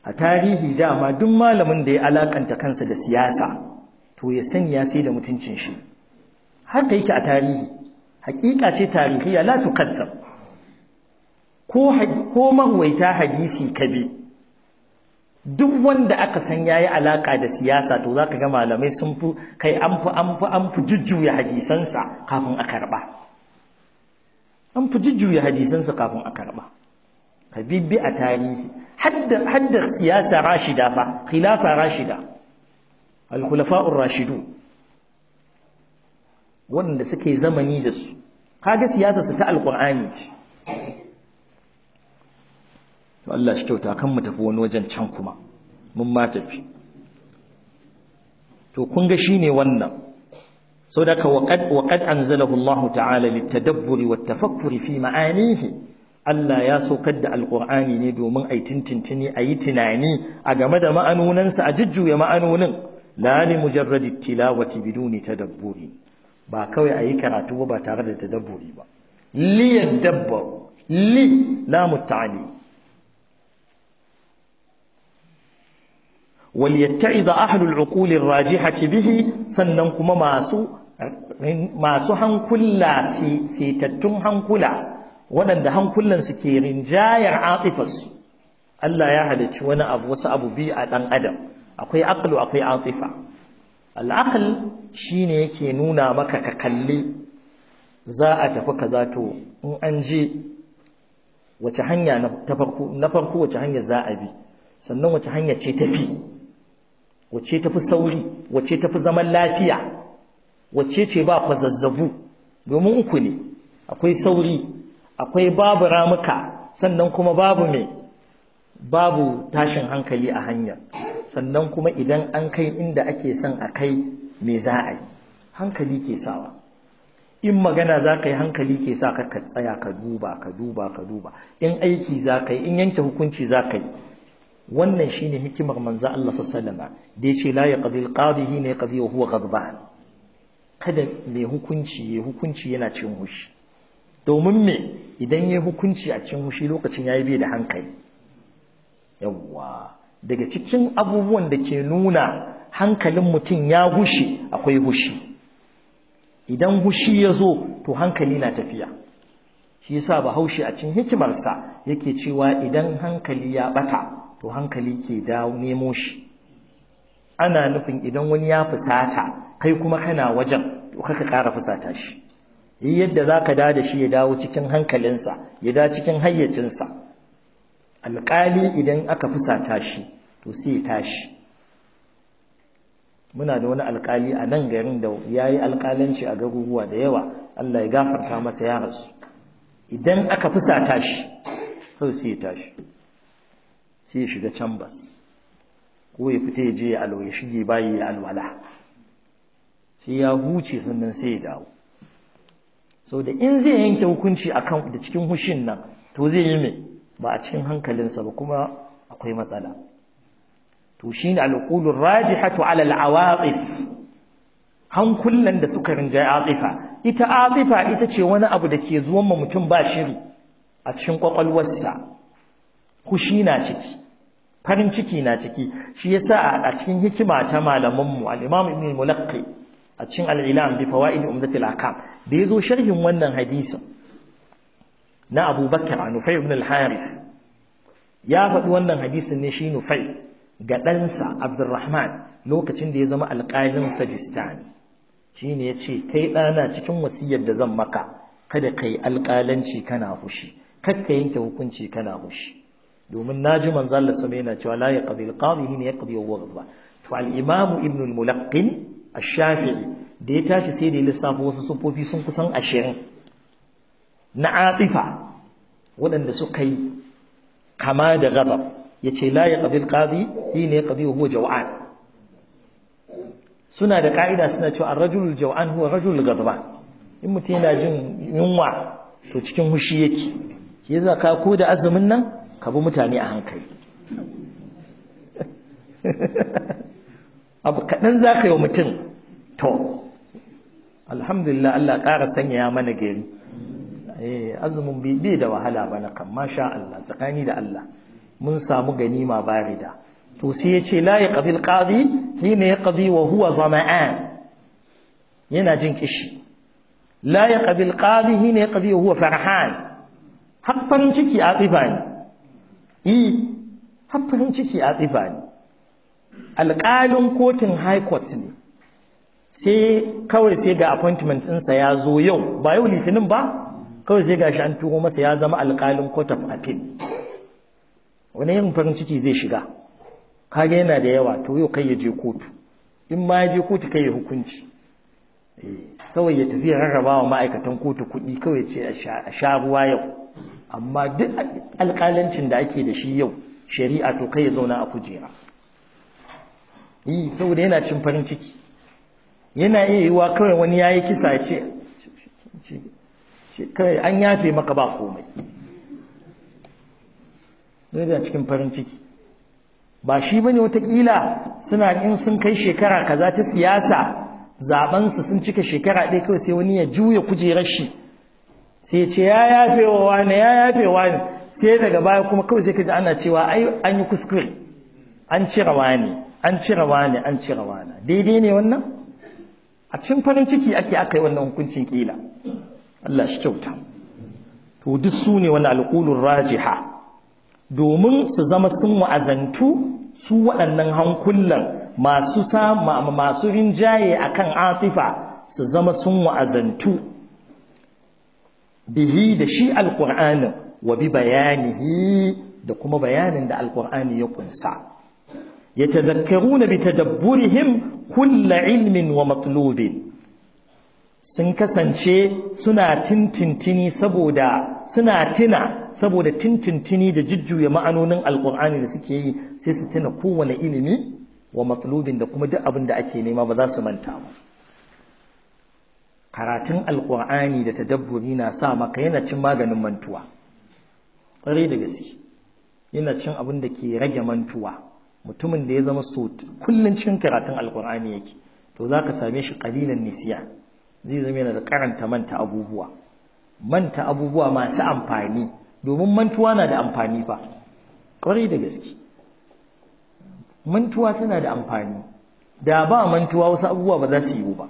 a tarihi dama duk malamin da ya alakanta kansa da siyasa to ya sani ya sai da mutuncin shi haka yake a tarihi hakika ce tarihi la tukazzab ko ko marwaita hadisi bi. duk wanda aka san yayi alaka da siyasa to zaka ga malamai sun fi kai an fi an fi an fi jujjuya hadisansa kafin a karba an fi jujjuya hadisansa kafin a karba habibbi a tarihi hadda hadda siyasa rashida fa khilafa rashida al-khulafa'ur rashidu wanda suke zamani da su kaga siyasa su ta alqur'ani ce to Allah shi kyauta kan mu tafi wani wajen can kuma mun ma tafi to kun ga shine wannan saboda waqad waqad anzalahu Allah ta'ala litadabburi wattafakkuri fi ma'anihi Allah ya saukar da alqur'ani ne domin ai tintintini ayi tunani a game da ma'anunansa a jujjuya ma'anonin la li mujarradi tilawati biduni tadabburi ba kawai yi karatu ba tare da tadabburi ba li yadabbar li la muta'ali wal yatta'iza ahlul uquli rajihati bihi sannan kuma masu hankula sitattun hankula waɗanda hankulansu ke rinjayar atifarsu Allah ya halicci wani abu wasu abu biyu a ɗan adam akwai aqlu akwai atifa al'aql shine yake nuna maka ka kalli za a tafi ka zato. in an je wace hanya na farko wace hanya za a bi sannan wace hanya ce tafi wace tafi sauri wace tafi zaman lafiya wace ce ba kwa zazzabu domin uku ne akwai sauri akwai babu ramuka sannan kuma babu mai babu tashin hankali a hanyar sannan kuma idan an kai inda ake son a kai me za a yi hankali ke sawa in magana za ka yi hankali ke sa ka tsaya ka duba ka duba ka duba in aiki za ka yi in yanke hukunci za ka yi wannan shine hikimar manza Allah sallallahu alaihi da yace la yaqdi alqadi hina yaqdi wa huwa ghadban kada mai hukunci ya hukunci yana cin hushi domin me idan ya hukunci a cin hushi lokacin ya yayi bai da hankali yawwa daga cikin abubuwan da ke nuna hankalin mutum ya hushi akwai hushi idan hushi ya zo to hankali na tafiya shi yasa bahaushe a cikin hikimarsa yake cewa idan hankali ya bata to hankali ke dawo nemo shi ana nufin idan wani ya fusata kai kuma kana wajen to kaka ƙara fusata shi yi yadda za ka da shi ya dawo cikin hankalinsa ya da cikin hayyacinsa alƙali idan aka fusata shi to sai tashi muna da wani alƙali a nan garin da ya yi alƙalanci a garuruwa da yawa Allah ya gafarta masa ya rasu idan aka fusata shi sai tashi sai ya shiga chambers ko ya fita ya je ya alwa ya shige bayi ya alwala sai ya huce sannan sai ya dawo so da in zai yanke hukunci akan da cikin hushin nan to zai yi ne ba a cikin hankalinsa ba kuma akwai matsala to shine alqulur rajihatu ala alawatif hankulan da suka rinjaye atsifa ita atsifa ita ce wani abu da ke zuwan ma mutum ba shiri a cikin kwakwalwarsa hushi na ciki farin ciki na ciki shi yasa a cikin hikima ta malamanmu al-imam ibn mulaqqi a cikin al-ilam bi fawaid umdat al-akam da yazo sharhin wannan hadisin na Abu Bakar Nufay ibn al-Harith ya faɗi wannan hadisin ne shi Nufay ga ɗansa Abdurrahman lokacin da ya zama alƙalin Sajistani shine yace kai ɗana cikin wasiyar da zan maka kada kai alƙalanci kana fushi kakka yanke hukunci kana fushi domin na ji manzo Allah sama yana cewa la yaqdi al ya hin yaqdi wa to al-imam ibn al-mulaqqin ash-shafi'i da ya tashi sai da ya lissafo wasu sufofi sun kusan ashirin na atifa waɗanda suka yi kama da gabab ya ce la ya ƙabil ƙadi yi ne ya ƙabi huwa jawa'an suna da ƙa'ida suna cewa a rajul jawa'an huwa rajul gazaba in mutum yana jin yunwa to cikin hushi yake ke za ka ko da azumin nan ka bi mutane a hankali abu kaɗan za ka yi wa mutum to alhamdulillah Allah ƙara sanya mana gari eh, azumin bai da wahala ba na kan masha Allah tsakani da Allah mun samu ganima barida to sai ya ce la ya qadi alqadi ne ya ƙazi wa huwa zama'an yana jin kishi la ya qadi alqadi ne ya ƙazi wa huwa farhan har farin ciki a ne yi e, haffarin ciki a tsifa ne alƙalin kotun high court ne sai kawai sai ga appointment ɗinsa ya zo yau ba yau litinin ba kawai sai ga shi an tuho masa ya zama alƙalin court of appeal wani yin farin ciki zai shiga kage yana da yawa to yau kai ya je kotu in ma ya je kotu kai ya hukunci e, kawai ya tafi rarraba wa ma'aikatan kotu kuɗi kawai ce a sha ruwa yau amma duk alƙalancin da ake da shi yau shari'a to kai ya zauna a kujera yi saboda yana cin farin ciki yana iya yiwa kawai wani ya yi kisa ce kawai an yafe maka ba komai yana cikin farin ciki ba shi bane ne watakila suna in sun kai shekara kaza ta siyasa zaɓansu sun cika shekara ɗaya kawai sai wani ya juya kujerar shi sai ce ya yafe wa wani ya yafe wa wani sai daga baya kuma kawai sai ji ana cewa ai an yi kuskure an cire wani an cire wani an cire wani daidai ne wannan a cikin farin ciki ake aka yi wannan hukuncin kila Allah shi kyauta to duk su ne wani alƙulun rajiha domin su zama sun wa'azantu su waɗannan hankulan masu masu rinjaye akan atifa su zama sun wa'azantu bihi da shi alƙur'anin wa bi bayanihi da kuma bayanin da alƙur'ani ya kunsa ya tazakkaruna bi tadabburihim kulla ilmin wa matlubin sun kasance suna tintintini saboda suna tina saboda tintintini da jujjuya ma'anonin alƙur'ani da suke yi sai su tina kowane ilimi wa matlubin da kuma duk abin da ake nema ba za su manta ba karatun alkur'ani da tadabburi na sa maka yana cin maganin mantuwa ƙwarai da gaske yana cin abin da ke rage mantuwa mutumin da ya zama so kullum cin karatun alkur'ani yake to za ka same shi ƙalilan nisiya zai zama yana da karanta manta abubuwa manta abubuwa masu amfani domin mantuwa na da amfani fa ƙwarai da gaske mantuwa tana da amfani da ba mantuwa wasu abubuwa ba za su yiwu ba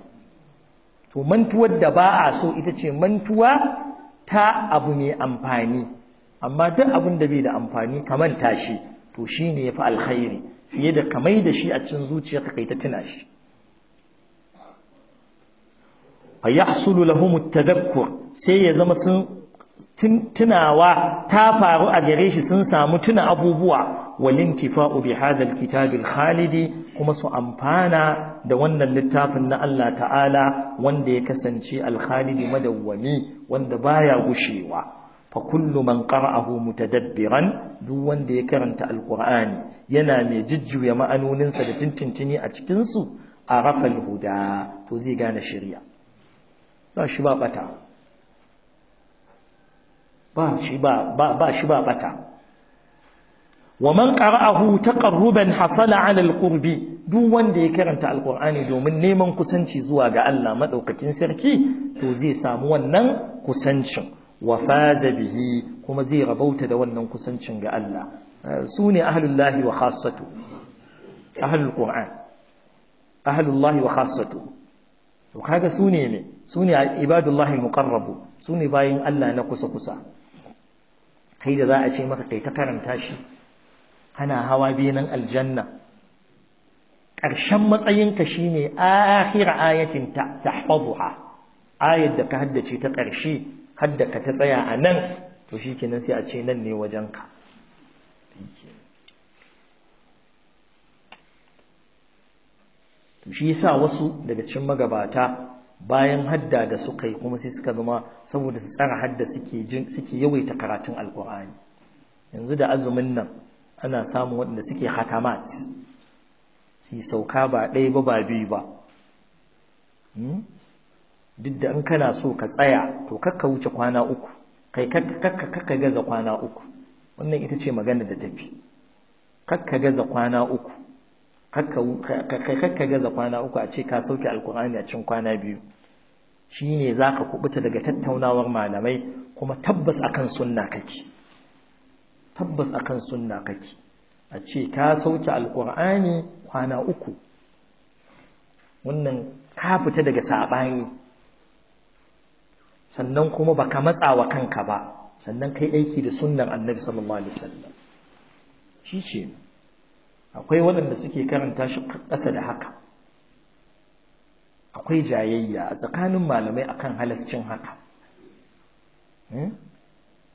to mantuwar da ba a so ita ce mantuwa ta abu mai amfani amma duk abin da bai da amfani tashi, to shi ne ya fi alkhairi fiye da kamai da shi a cikin ka kai ta tuna shi fa yahsulu lahum at-tadhakkur sai ya zama sun tunawa ta faru a gare shi sun samu tuna abubuwa walintifa'u bi hadal kitabil khalidi kuma su amfana da wannan littafin na Allah ta'ala wanda ya kasance Alkhalidi madawwami wanda baya gushewa fa kullu man qara'ahu mutadabbiran duk wanda ya karanta alkur'ani yana mai jijjuya ma'anoninsa da tintintini a cikinsu a arafa guda to zai gane shirya. ba shi ba bata ba shi ba ba shi ba bata wa man qara'ahu taqarruban hasala 'ala al-qurbi duk wanda ya karanta Alƙur'ani domin neman kusanci zuwa ga Allah madaukakin sarki to zai samu wannan kusancin wa faza bihi kuma zai rabauta da wannan kusancin ga Allah Su sune lahi wa khassatu ahlul qur'an lahi wa khassatu to kaga su ne sune ibadullahi muqarrabu ne bayin Allah na kusa kusa kai da za a ce maka kai ta karanta shi Ana hawa benen aljanna ƙarshen matsayinka shine ta ta tahfazuha Ayar da ka haddace ta ƙarshe hadda ta tsaya a nan to shikenan sai a ce nan ne wajenka to shi sa wasu daga cikin magabata bayan hadda da suka yi kuma sai suka zama saboda su tsara hadda suke yawaita karatun alkur'ani yanzu da azumin nan ana samun waɗanda suke hatamat su sauka ba ɗaya ba ba biyu ba hmm? duk da in kana so ka tsaya to kakka wuce kwana uku kai kakka gaza kwana uku wannan ita ce magana da tafi kakka gaza kwana uku kakka gaza kwana uku a ce ka sauke alkur'ani a cikin kwana biyu shine zaka kubuta daga tattaunawar malamai kuma tabbas akan sunna kake tabbas akan sunna kake a ce ka sauke alkur'ani kwana uku wannan ka fita daga saɓani sannan kuma baka matsa wa kanka ba sannan kai aiki da sunnar annabi sallallahu alaihi wasallam shi ce akwai waɗanda suke karanta shi ƙasa da haka akwai jayayya a tsakanin malamai akan halascin haka hmm?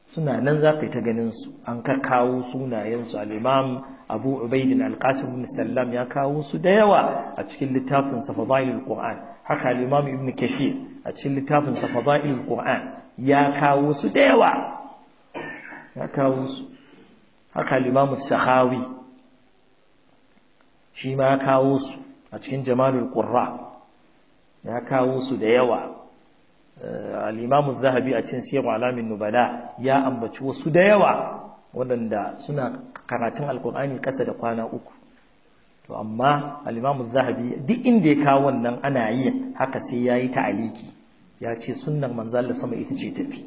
suna nan za ka yi ta ganin su an ka kawo sunayensu al'imam abu ubaidin alƙasim bin sallam ya kawo su da yawa a cikin littafin safadailul qur'an haka al'imam ibn kashir a cikin littafin safadailul qur'an ya kawo su da yawa ya kawo su haka al'imam sahawi shi ma ya kawo su a cikin jamalul ya kawo su da yawa eh, al zahabi a cikin siyar alamin nubala ya ambaci wasu da yawa waɗanda suna karatun Alƙur'ani ƙasa da kwana uku to amma al zahabi duk inda ya kawo wannan ana yi haka sai ya yi ta'aliki ya ce sunan manzala sama ita ce tafi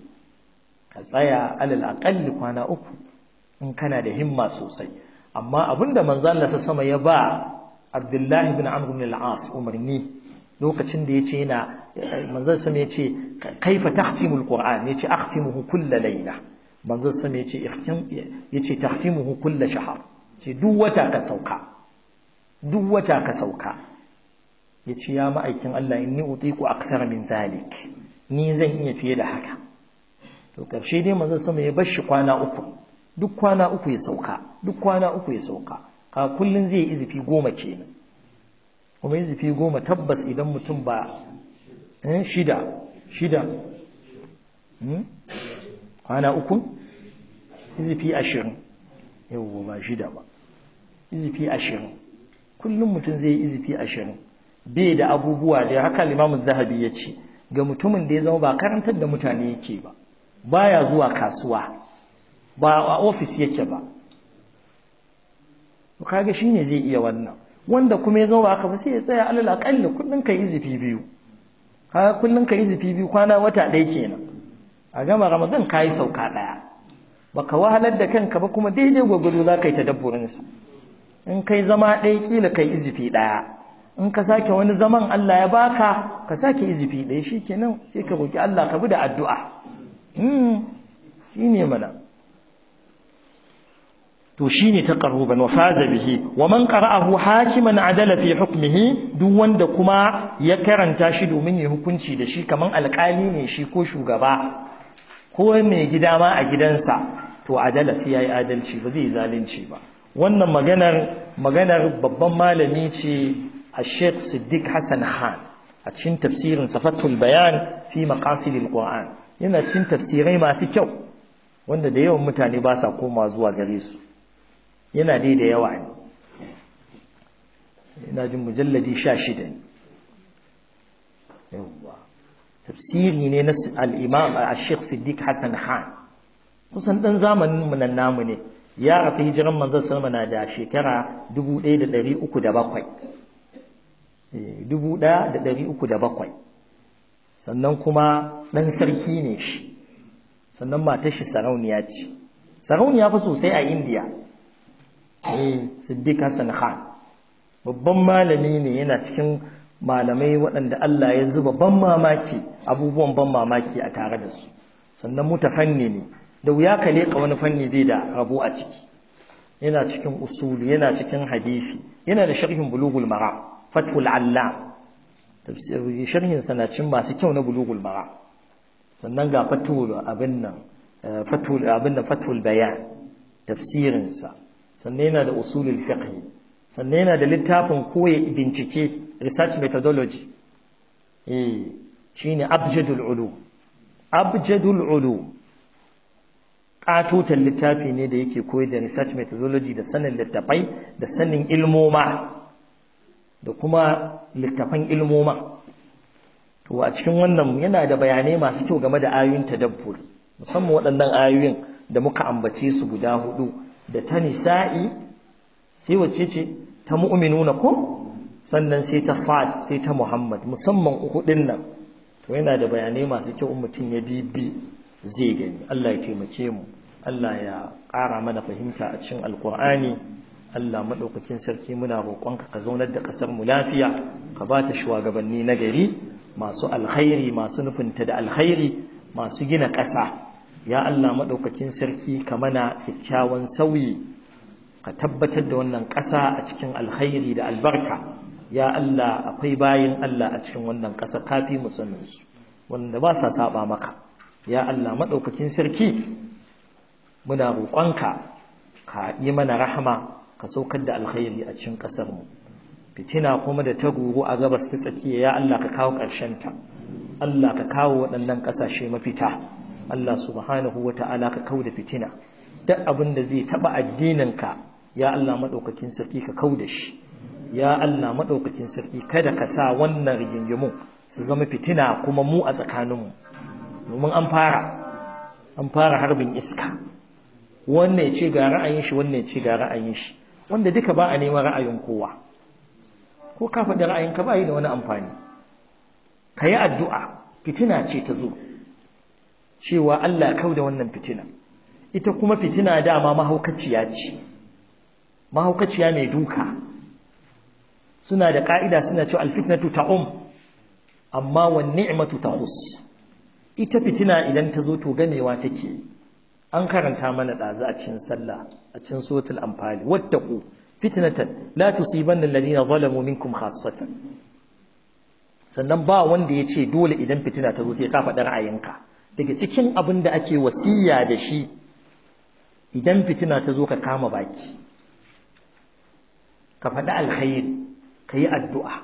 ka tsaya alal aƙalli kwana uku in kana da himma sosai amma abinda manzo Allah sama ya ba Abdullahi bin Amr bin al-As umarni lokacin da yace yana manzo sama yace kaifa takhtimu al-Qur'an yace akhtimuhu kull layla manzo sama yace ikhtim yace takhtimuhu kull shahr ce duk wata ka sauka duk wata ka sauka yace ya ma'aikin Allah inni utiku aksara min zalik ni zan iya fiye da haka to karshe dai manzo sama ya bar shi kwana uku duk kwana uku ya sauka duk kwana uku ya sauka ka kullun zai izifi goma kenan kuma izifi goma tabbas idan mutum ba eh, shida shida hmm, kwana uku izifi ashirin yau ba shida ba izifi ashirin kullum mutum zai yi izifi ashirin bai da abubuwa da haka limamin zahabi ya ce ga mutumin da ya zama ba karantar da mutane yake ba baya zuwa kasuwa ba a ofis yake ba kaga ne zai iya wannan wanda kuma ya zo ba ka ba sai ya tsaya alal aqalli kullum ka yi zifi biyu kaga kullun ka yi zifi biyu kwana wata ɗaya kenan a gama ramadan ka yi sauka ɗaya baka wahalar da kanka ba kuma daidai gwagwado za ka yi dabburi'n su in kai zama ɗaya kila kai izifi ɗaya in ka sake wani zaman Allah ya baka ka sake izifi ɗaya shikenan sai ka roki Allah ka bi da addu'a mm shine mana to shi ne ta ƙaruban, wa faza bihi wa man qara'ahu hakiman adala fi hukumihi duk wanda kuma ya karanta shi domin ya hukunci da shi kamar alƙali ne shi ko shugaba ko mai gida ma a gidansa to adala sai yi adalci ba zai zalunci ba wannan maganar maganar babban malami ce a Sheikh Siddiq Hassan Khan a cikin tafsirin Safatul Bayan fi Maqasidil Qur'an yana cikin tafsirai masu kyau wanda da yawan mutane ba sa koma zuwa gare su yana dai da yawa ne ina jin mujalladi sha shida ne tafsiri ne na al'imam a sheikh siddiq hassan khan kusan ɗan zamanin mu namu ne ya rasa hijiran manzon salma na da shekara 1307 1307 eh, sannan kuma ɗan sarki ne shi sannan matar shi sarauniya ce sarauniya fa sosai a indiya eh siddiq hassan khan babban malami ne yana cikin malamai waɗanda Allah ya zuba ban mamaki abubuwan ban mamaki a tare da su sannan fanni ne da wuya ka leƙa wani fanni bai da rabo a ciki yana cikin usuli yana cikin hadisi yana da sharhin bulugul mara fatul allah sharhin sanacin masu kyau na bulugul mara sannan ga fatul abin nan eh, fatul bayan tafsirinsa sannan yana da usulul fiqh sannan yana da littafin koya bincike research methodology eh shine abjadul ulu abjadul ulu katotan littafi ne da yake koyar da research methodology da sanin littafai da sanin ilmoma da kuma littafan ilmoma to a cikin wannan yana da bayanai masu kyau game da ayoyin tadabbur musamman waɗannan ayoyin da muka ambace su guda hudu da ta nisa'i sai wacce ce ta mu'minuna ko sannan sai ta sa'ad sai ta muhammad musamman uku nan to yana da bayanai masu kyau mutum ya bibi zai gani Allah ya taimake mu Allah ya ƙara mana fahimta a cikin alkur'ani Allah maɗaukakin sarki muna roƙonka ka zaunar da ƙasar mu lafiya ka ba ta shugabanni na gari masu alkhairi masu nufinta da alkhairi masu gina ƙasa ya Allah maɗaukakin sarki ka mana kyakkyawan sauyi ka tabbatar da wannan ƙasa a cikin alkhairi da albarka ya Allah akwai bayin Allah a cikin wannan ƙasa kafi su wanda ba sa saba maka ya Allah maɗaukakin sarki muna roƙonka ka yi mana rahama ka saukar da alkhairi a cikin ƙasarmu fitina kuma da ta guru a gabas ta tsakiya ya Allah ka kawo ta, Allah ka kawo waɗannan ƙasashe mafita Allah subhanahu wa ta'ala ka kau da fitina duk abin da zai taɓa addininka ya Allah madaukakin sarki ka kau da shi ya Allah madaukakin sarki kada ka sa wannan rigingimu su zama fitina kuma mu a tsakaninmu domin an fara an fara harbin iska wannan ya ce ga ra'ayin shi wannan ya ce ga ra'ayin shi wanda duka ba a neman ra'ayin kowa ko ka faɗi ra'ayinka ba yi da wani amfani ka yi addu'a fitina ce ta zo cewa Allah kau da wannan fitina ita kuma fitina dama mahaukaciya ce mahaukaciya mai duka suna da ka'ida suna cewa alfitnatu ta'um amma wa ni'matu tahus ita fitina idan ta zo to ganewa take an karanta mana dazu a cikin sallah a cikin suratul anfal wattaqu fitnatan la tusibanna alladhina zalamu minkum khassatan sannan ba wanda yace dole idan fitina ta zo sai ka faɗa ra'ayinka daga cikin abin da ake wasiya da shi idan fitina ta zo ka kama baki ka faɗi alhayin ka yi addu'a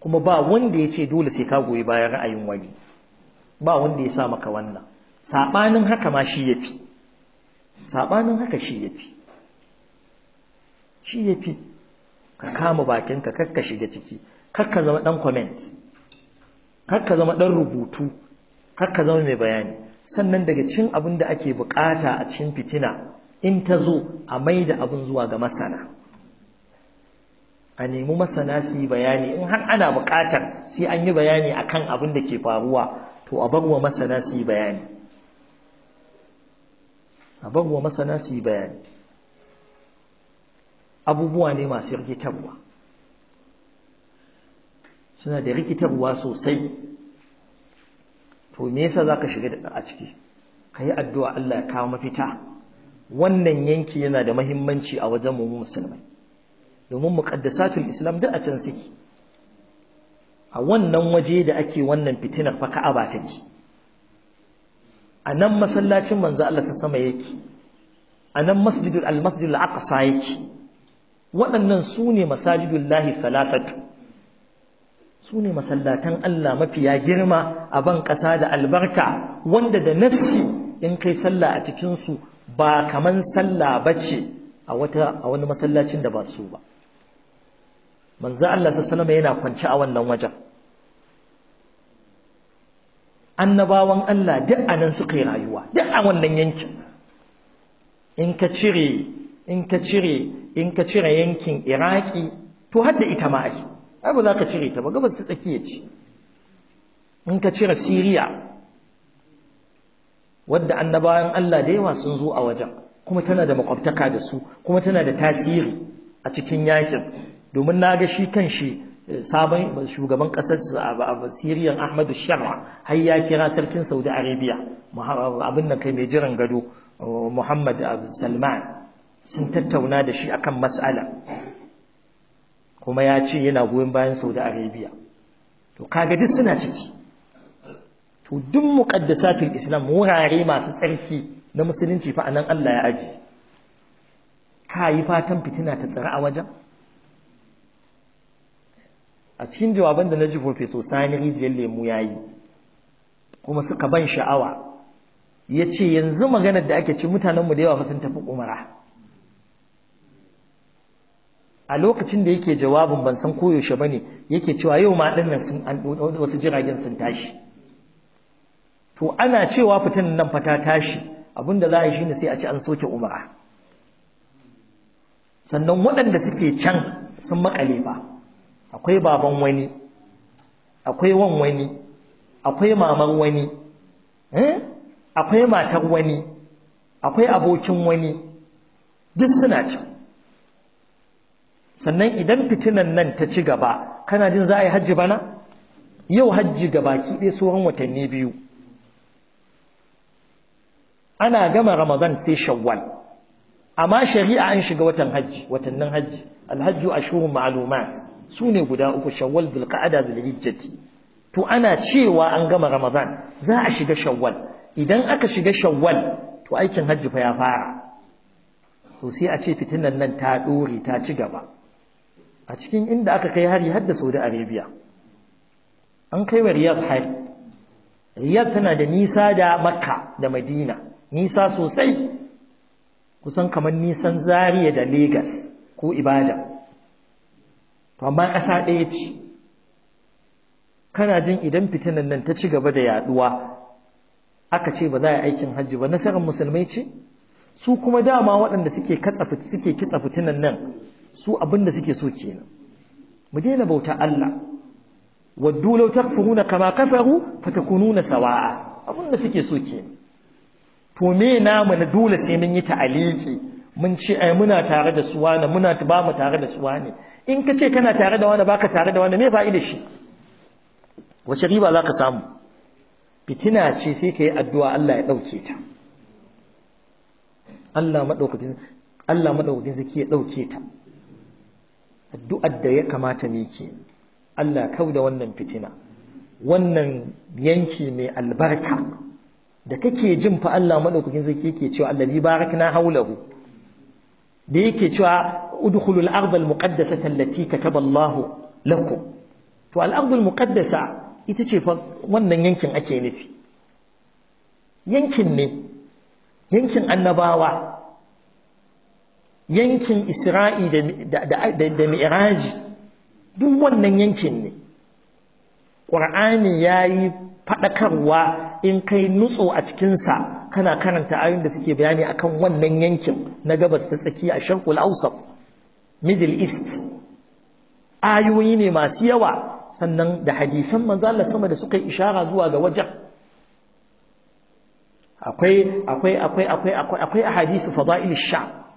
kuma ba wanda ya ce dole sai ka goyi bayan ra'ayin wani ba wanda ya sa maka wannan saɓanin haka ma shi ya fi saɓanin haka shi ya fi shi ya fi ka kama bakinka kakka shiga ciki kakka zama ɗan comment kakka zama ɗan rubutu haka zama mai bayani sannan daga cin abin da ake bukata a cikin fitina in ta zo a mai da abin zuwa ga masana a nemi masana su yi bayani in har ana bukatar sai an yi bayani a kan abin da ke faruwa to a bar masana su yi bayani masana su yi bayani abubuwa ne masu rikitarwa suna da rikitarwa sosai to me yasa zaka shiga da a ciki kai addu'a Allah ya kawo mafita wannan yanki yana da muhimmanci a wajen mu musulmai domin muqaddasatul islam da a can suke a wannan waje da ake wannan fitinar fa Ka'aba take a nan masallacin manzo Allah ta sama yake a nan masjidul al-masjidul aqsa yake waɗannan su ne masajidul lahi thalathatu su ne masallatan Allah mafiya girma a ban ƙasa da albarka wanda da nassi in kai sallah a cikinsu ba kaman sallah ba ce a wani masallacin da ba su ba manzo Allah salama yana kwance a wannan wajen annabawan Allah duk nan suka yi rayuwa duk a wannan yankin in ka cire in ka cire in ka cire yankin Iraki to hadda ita ma ai ba za ka cire ta ba gabas ta tsakiya ce in ka cire siriya wadda annabawan Allah da yawa sun zo a wajen kuma tana da makwabtaka da su kuma tana da tasiri a cikin yakin domin na ga shi kan shi eh, sabon shugaban ƙasar siriyan ahmadu sharma har ya kira sarkin saudi arabia abin nan kai mai jiran gado oh, muhammad eh, salman sun tattauna da shi akan mas'ala kuma ya ce yana goyon bayan saudi arabia to kaga duk suna ciki to duk muqaddasatul islam wurare masu tsarki na musulunci fa anan Allah ya aji? ka yi fatan fitina ta tsara a wajen a cikin jawaban da na ji professor Sani Rijiyar Lemu ya yi, kuma suka ban sha'awa Ya ce yanzu maganar da ake ci mutanenmu da yawa sun tafi umara a lokacin da yake jawabin ban san koyaushe ba ne yake cewa yau ma ɗin nan sun wasu jiragen sun tashi to ana cewa fitan nan fata ta tashi abinda za a yi shine sai a ci an soke umara sannan waɗanda suke can sun makale ba. akwai baban wani akwai wan wani akwai maman wani eh? akwai matar wani akwai abokin wani duk suna can sannan idan fitinan nan ta ci gaba kana jin za a yi hajji bana yau hajji baki ɗaya tsohon watanni biyu ana gama ramadan sai shawwal amma shari'a an shiga watan hajji watannin hajji alhajju ashhurun ma'lumat ne guda uku shawwal dhulqa'ada dhulhijjati to ana cewa an gama ramadan za a shiga shawwal idan aka shiga shawwal to aikin hajji fa ya fara to sai a ce fitinan nan ta dore ta ci gaba a cikin inda aka kai hari har da Saudi Arabia an kai wa riyad hari riyad tana da nisa da Makka da Madina nisa sosai kusan kamar nisan Zariya da Lagos ko ibada to amma ƙasa ɗaya ce kana jin idan fitinan nan ta ci gaba da yaduwa aka ce ba za a yi aikin hajji ba nasarar musulmai ce su kuma dama waɗanda suke suke kitsa fitinan nan su abin da suke so kenan mu daina bauta Allah waddu law takfuruna kama kafaru fatakununa sawa'a Abinda da suke so kenan to me mu na dole sai mun yi ta'aliki mun ce ai muna tare da suwa ne muna ba mu tare da suwa ne in ka ce kana tare da wani baka tare da wani me fa'ida shi wace riba za ka samu fitina ce sai ka yi addu'a Allah ya ɗauke ta Allah maɗaukakin Allah maɗaukakin zaki ya ɗauke ta addu'ar da ya kamata miki ke Allah kau da wannan fitina wannan yanki mai albarka da kake jin fa Allah madaukakin sarki yake cewa allazi barakna haulahu da yake cewa udkhulul arda al muqaddasata allati kataba Allah lakum to al arda al muqaddasa ita ce fa wannan yankin ake nufi yankin ne yankin annabawa yankin isra'i da mi'raji duk wannan yankin ne ƙwar'ani ya yi faɗakarwa in kai nutso a cikinsa kana karanta ayoyin da suke bayani akan wannan yankin na gabas ta tsaki a sharqul Ausaf middle east ayoyi ne masu yawa sannan da hadisan manzala sama da suka ishara zuwa ga wajen akwai akwai akwai akwai akwai akwai ahadisi fada'il sha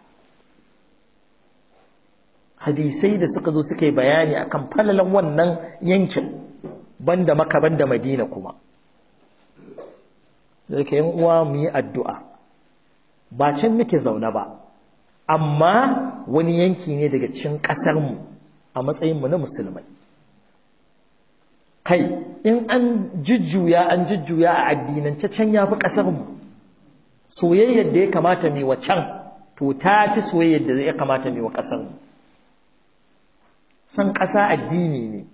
hadisai da suka zo suka yi bayani akan falalan wannan yankin banda maka banda madina kuma zai yan uwa mu yi addu'a ba can muke zaune ba amma wani yanki ne daga cikin ƙasarmu a matsayinmu na musulmai kai in an jujjuya an jujjuya a addinance can ya fi ƙasarmu soyayyar da ya kamata mai wa can to ta fi soyayyar da zai kamata mai wa ƙasarmu san ƙasa addini ne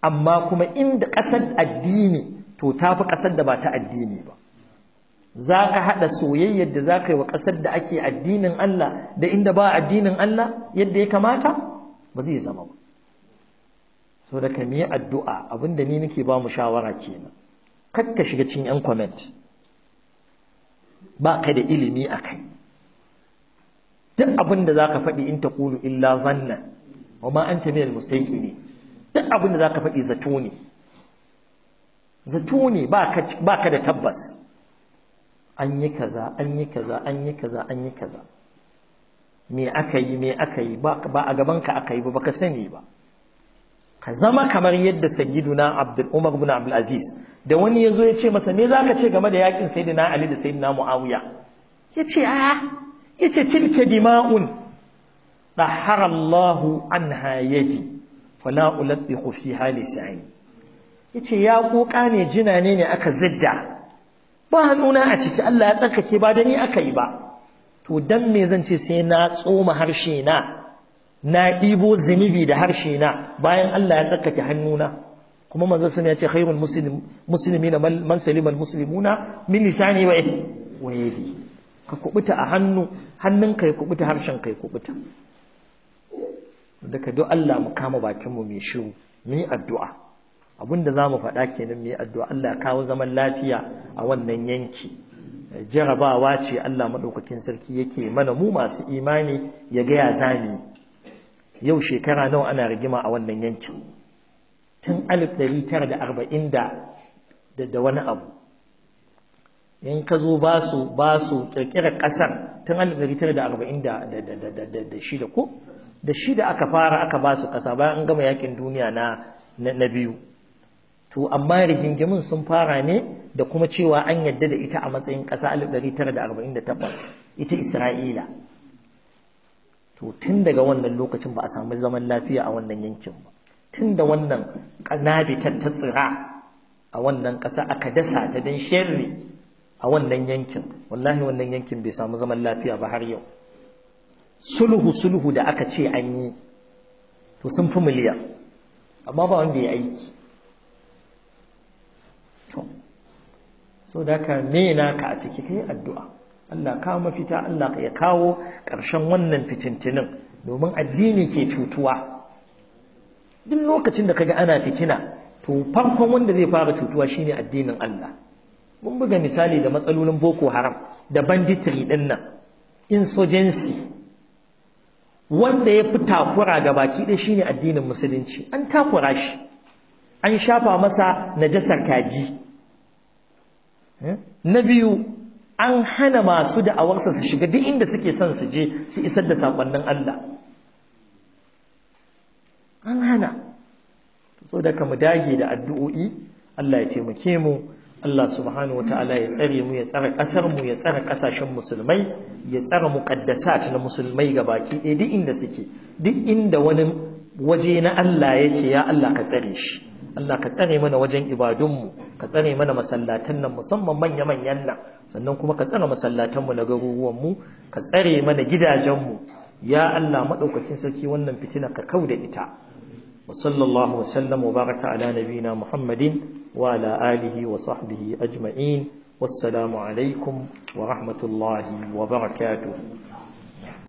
amma kuma inda ƙasar addini to ta fi ƙasar da ba ta addini ba za ka haɗa soyayyar da za ka yi wa ƙasar da ake addinin Allah da inda ba addinin Allah yadda ya kamata ba zai zama ba so da kami addu'a abinda ni nake ba mu shawara kenan kakka shiga cin yan comment ba ka da ilimi a kai duk abinda za ka faɗi in ta ƙulu illa zannan wa ma an min al ne. duk abin da ka faɗi zato ne zato ne ba ka da tabbas an yi kaza an yi kaza an yi kaza an yi kaza me aka yi me aka yi ba a gaban ka aka yi ba baka sani ba ka zama kamar yadda sayyiduna na umar bin abdul aziz da wani yazo ya ce masa me zaka ce game da yakin sayyidina ali da sayyidina muawiya yace a yace tilka dima'un طهر an عنها يدي فلا ألطخ فيها لساني yace ya kuka ne jina ne ne aka zidda ba hannuna a ciki Allah ya tsarkake ba da ni aka yi ba to dan me zan ce sai na tsoma harshe na na ɗibo zunubi da harshe na bayan Allah ya tsarkake hannuna kuma manzon sun ya ce khairul muslim muslimina man al muslimuna min lisani wa yadi ka kubuta a hannu hannun kai kubuta harshen kai kubuta daga duk Allah mu kama bakin mu mai shiru mu addu'a abinda mu faɗa kenan mu addu'a Allah kawo zaman lafiya a wannan yanki eh, jarabawa ce Allah maɗaukakin sarki yake mana mu masu imani ya gaya zami yau shekara nawa ana rigima a wannan yanki tun 1940 da wani abu in ka zo ba su ƙasar tun 1940 da shi da ko da shida aka fara aka ba su ƙasa bayan an gama yakin duniya na na biyu to amma rigingimin sun fara ne da kuma cewa an yadda da ita a matsayin ƙasa 1948 ita Isra'ila to tun daga wannan lokacin ba a samu zaman lafiya a wannan yankin ba tun da wannan ƙanabitar ta tsira a wannan ƙasa aka dasa ta don sherri a wannan yankin wallahi wannan yankin bai samu zaman lafiya ba har yau sulhu sulhu da aka ce an yi to sun fi miliyan amma ba wanda ya aiki to so da ka mena ka a ciki kai addu'a Allah kawo mafita Allah ya kawo ƙarshen wannan fitintinin domin addini ke cutuwa duk lokacin da kaga ana fitina to farkon wanda zai fara cutuwa shine addinin Allah mun buga misali da matsalolin boko haram da banditry din nan insurgency wanda ya fi takura ga baki ɗaya shine addinin musulunci an takura shi an shafa masa najasar kaji eh? na biyu an hana masu da'awarsa su shiga duk inda suke son su je su isar da saƙonnin Allah an hana so da kamu mu dage da addu'o'i Allah ya taimake mu Allah subhanahu wata'ala ya tsare mu ya tsare kasar mu ya tsare kasashen musulmai ya tsare muqaddasat na musulmai ga baki ɗaya duk inda suke duk inda wani waje na Allah yake ya Allah ka tsare shi Allah ka tsare mana wajen ibadun mu ka tsare mana masallatan nan musamman manya-manyan nan sannan kuma ka tsare masallatan mu na garuruwan mu ka tsare mana gidajen mu ya Allah maɗaukacin sarki wannan fitina ka kau da ita وصلى الله وسلم وبارك على نبينا محمد وعلى آله وصحبه أجمعين والسلام عليكم ورحمة الله وبركاته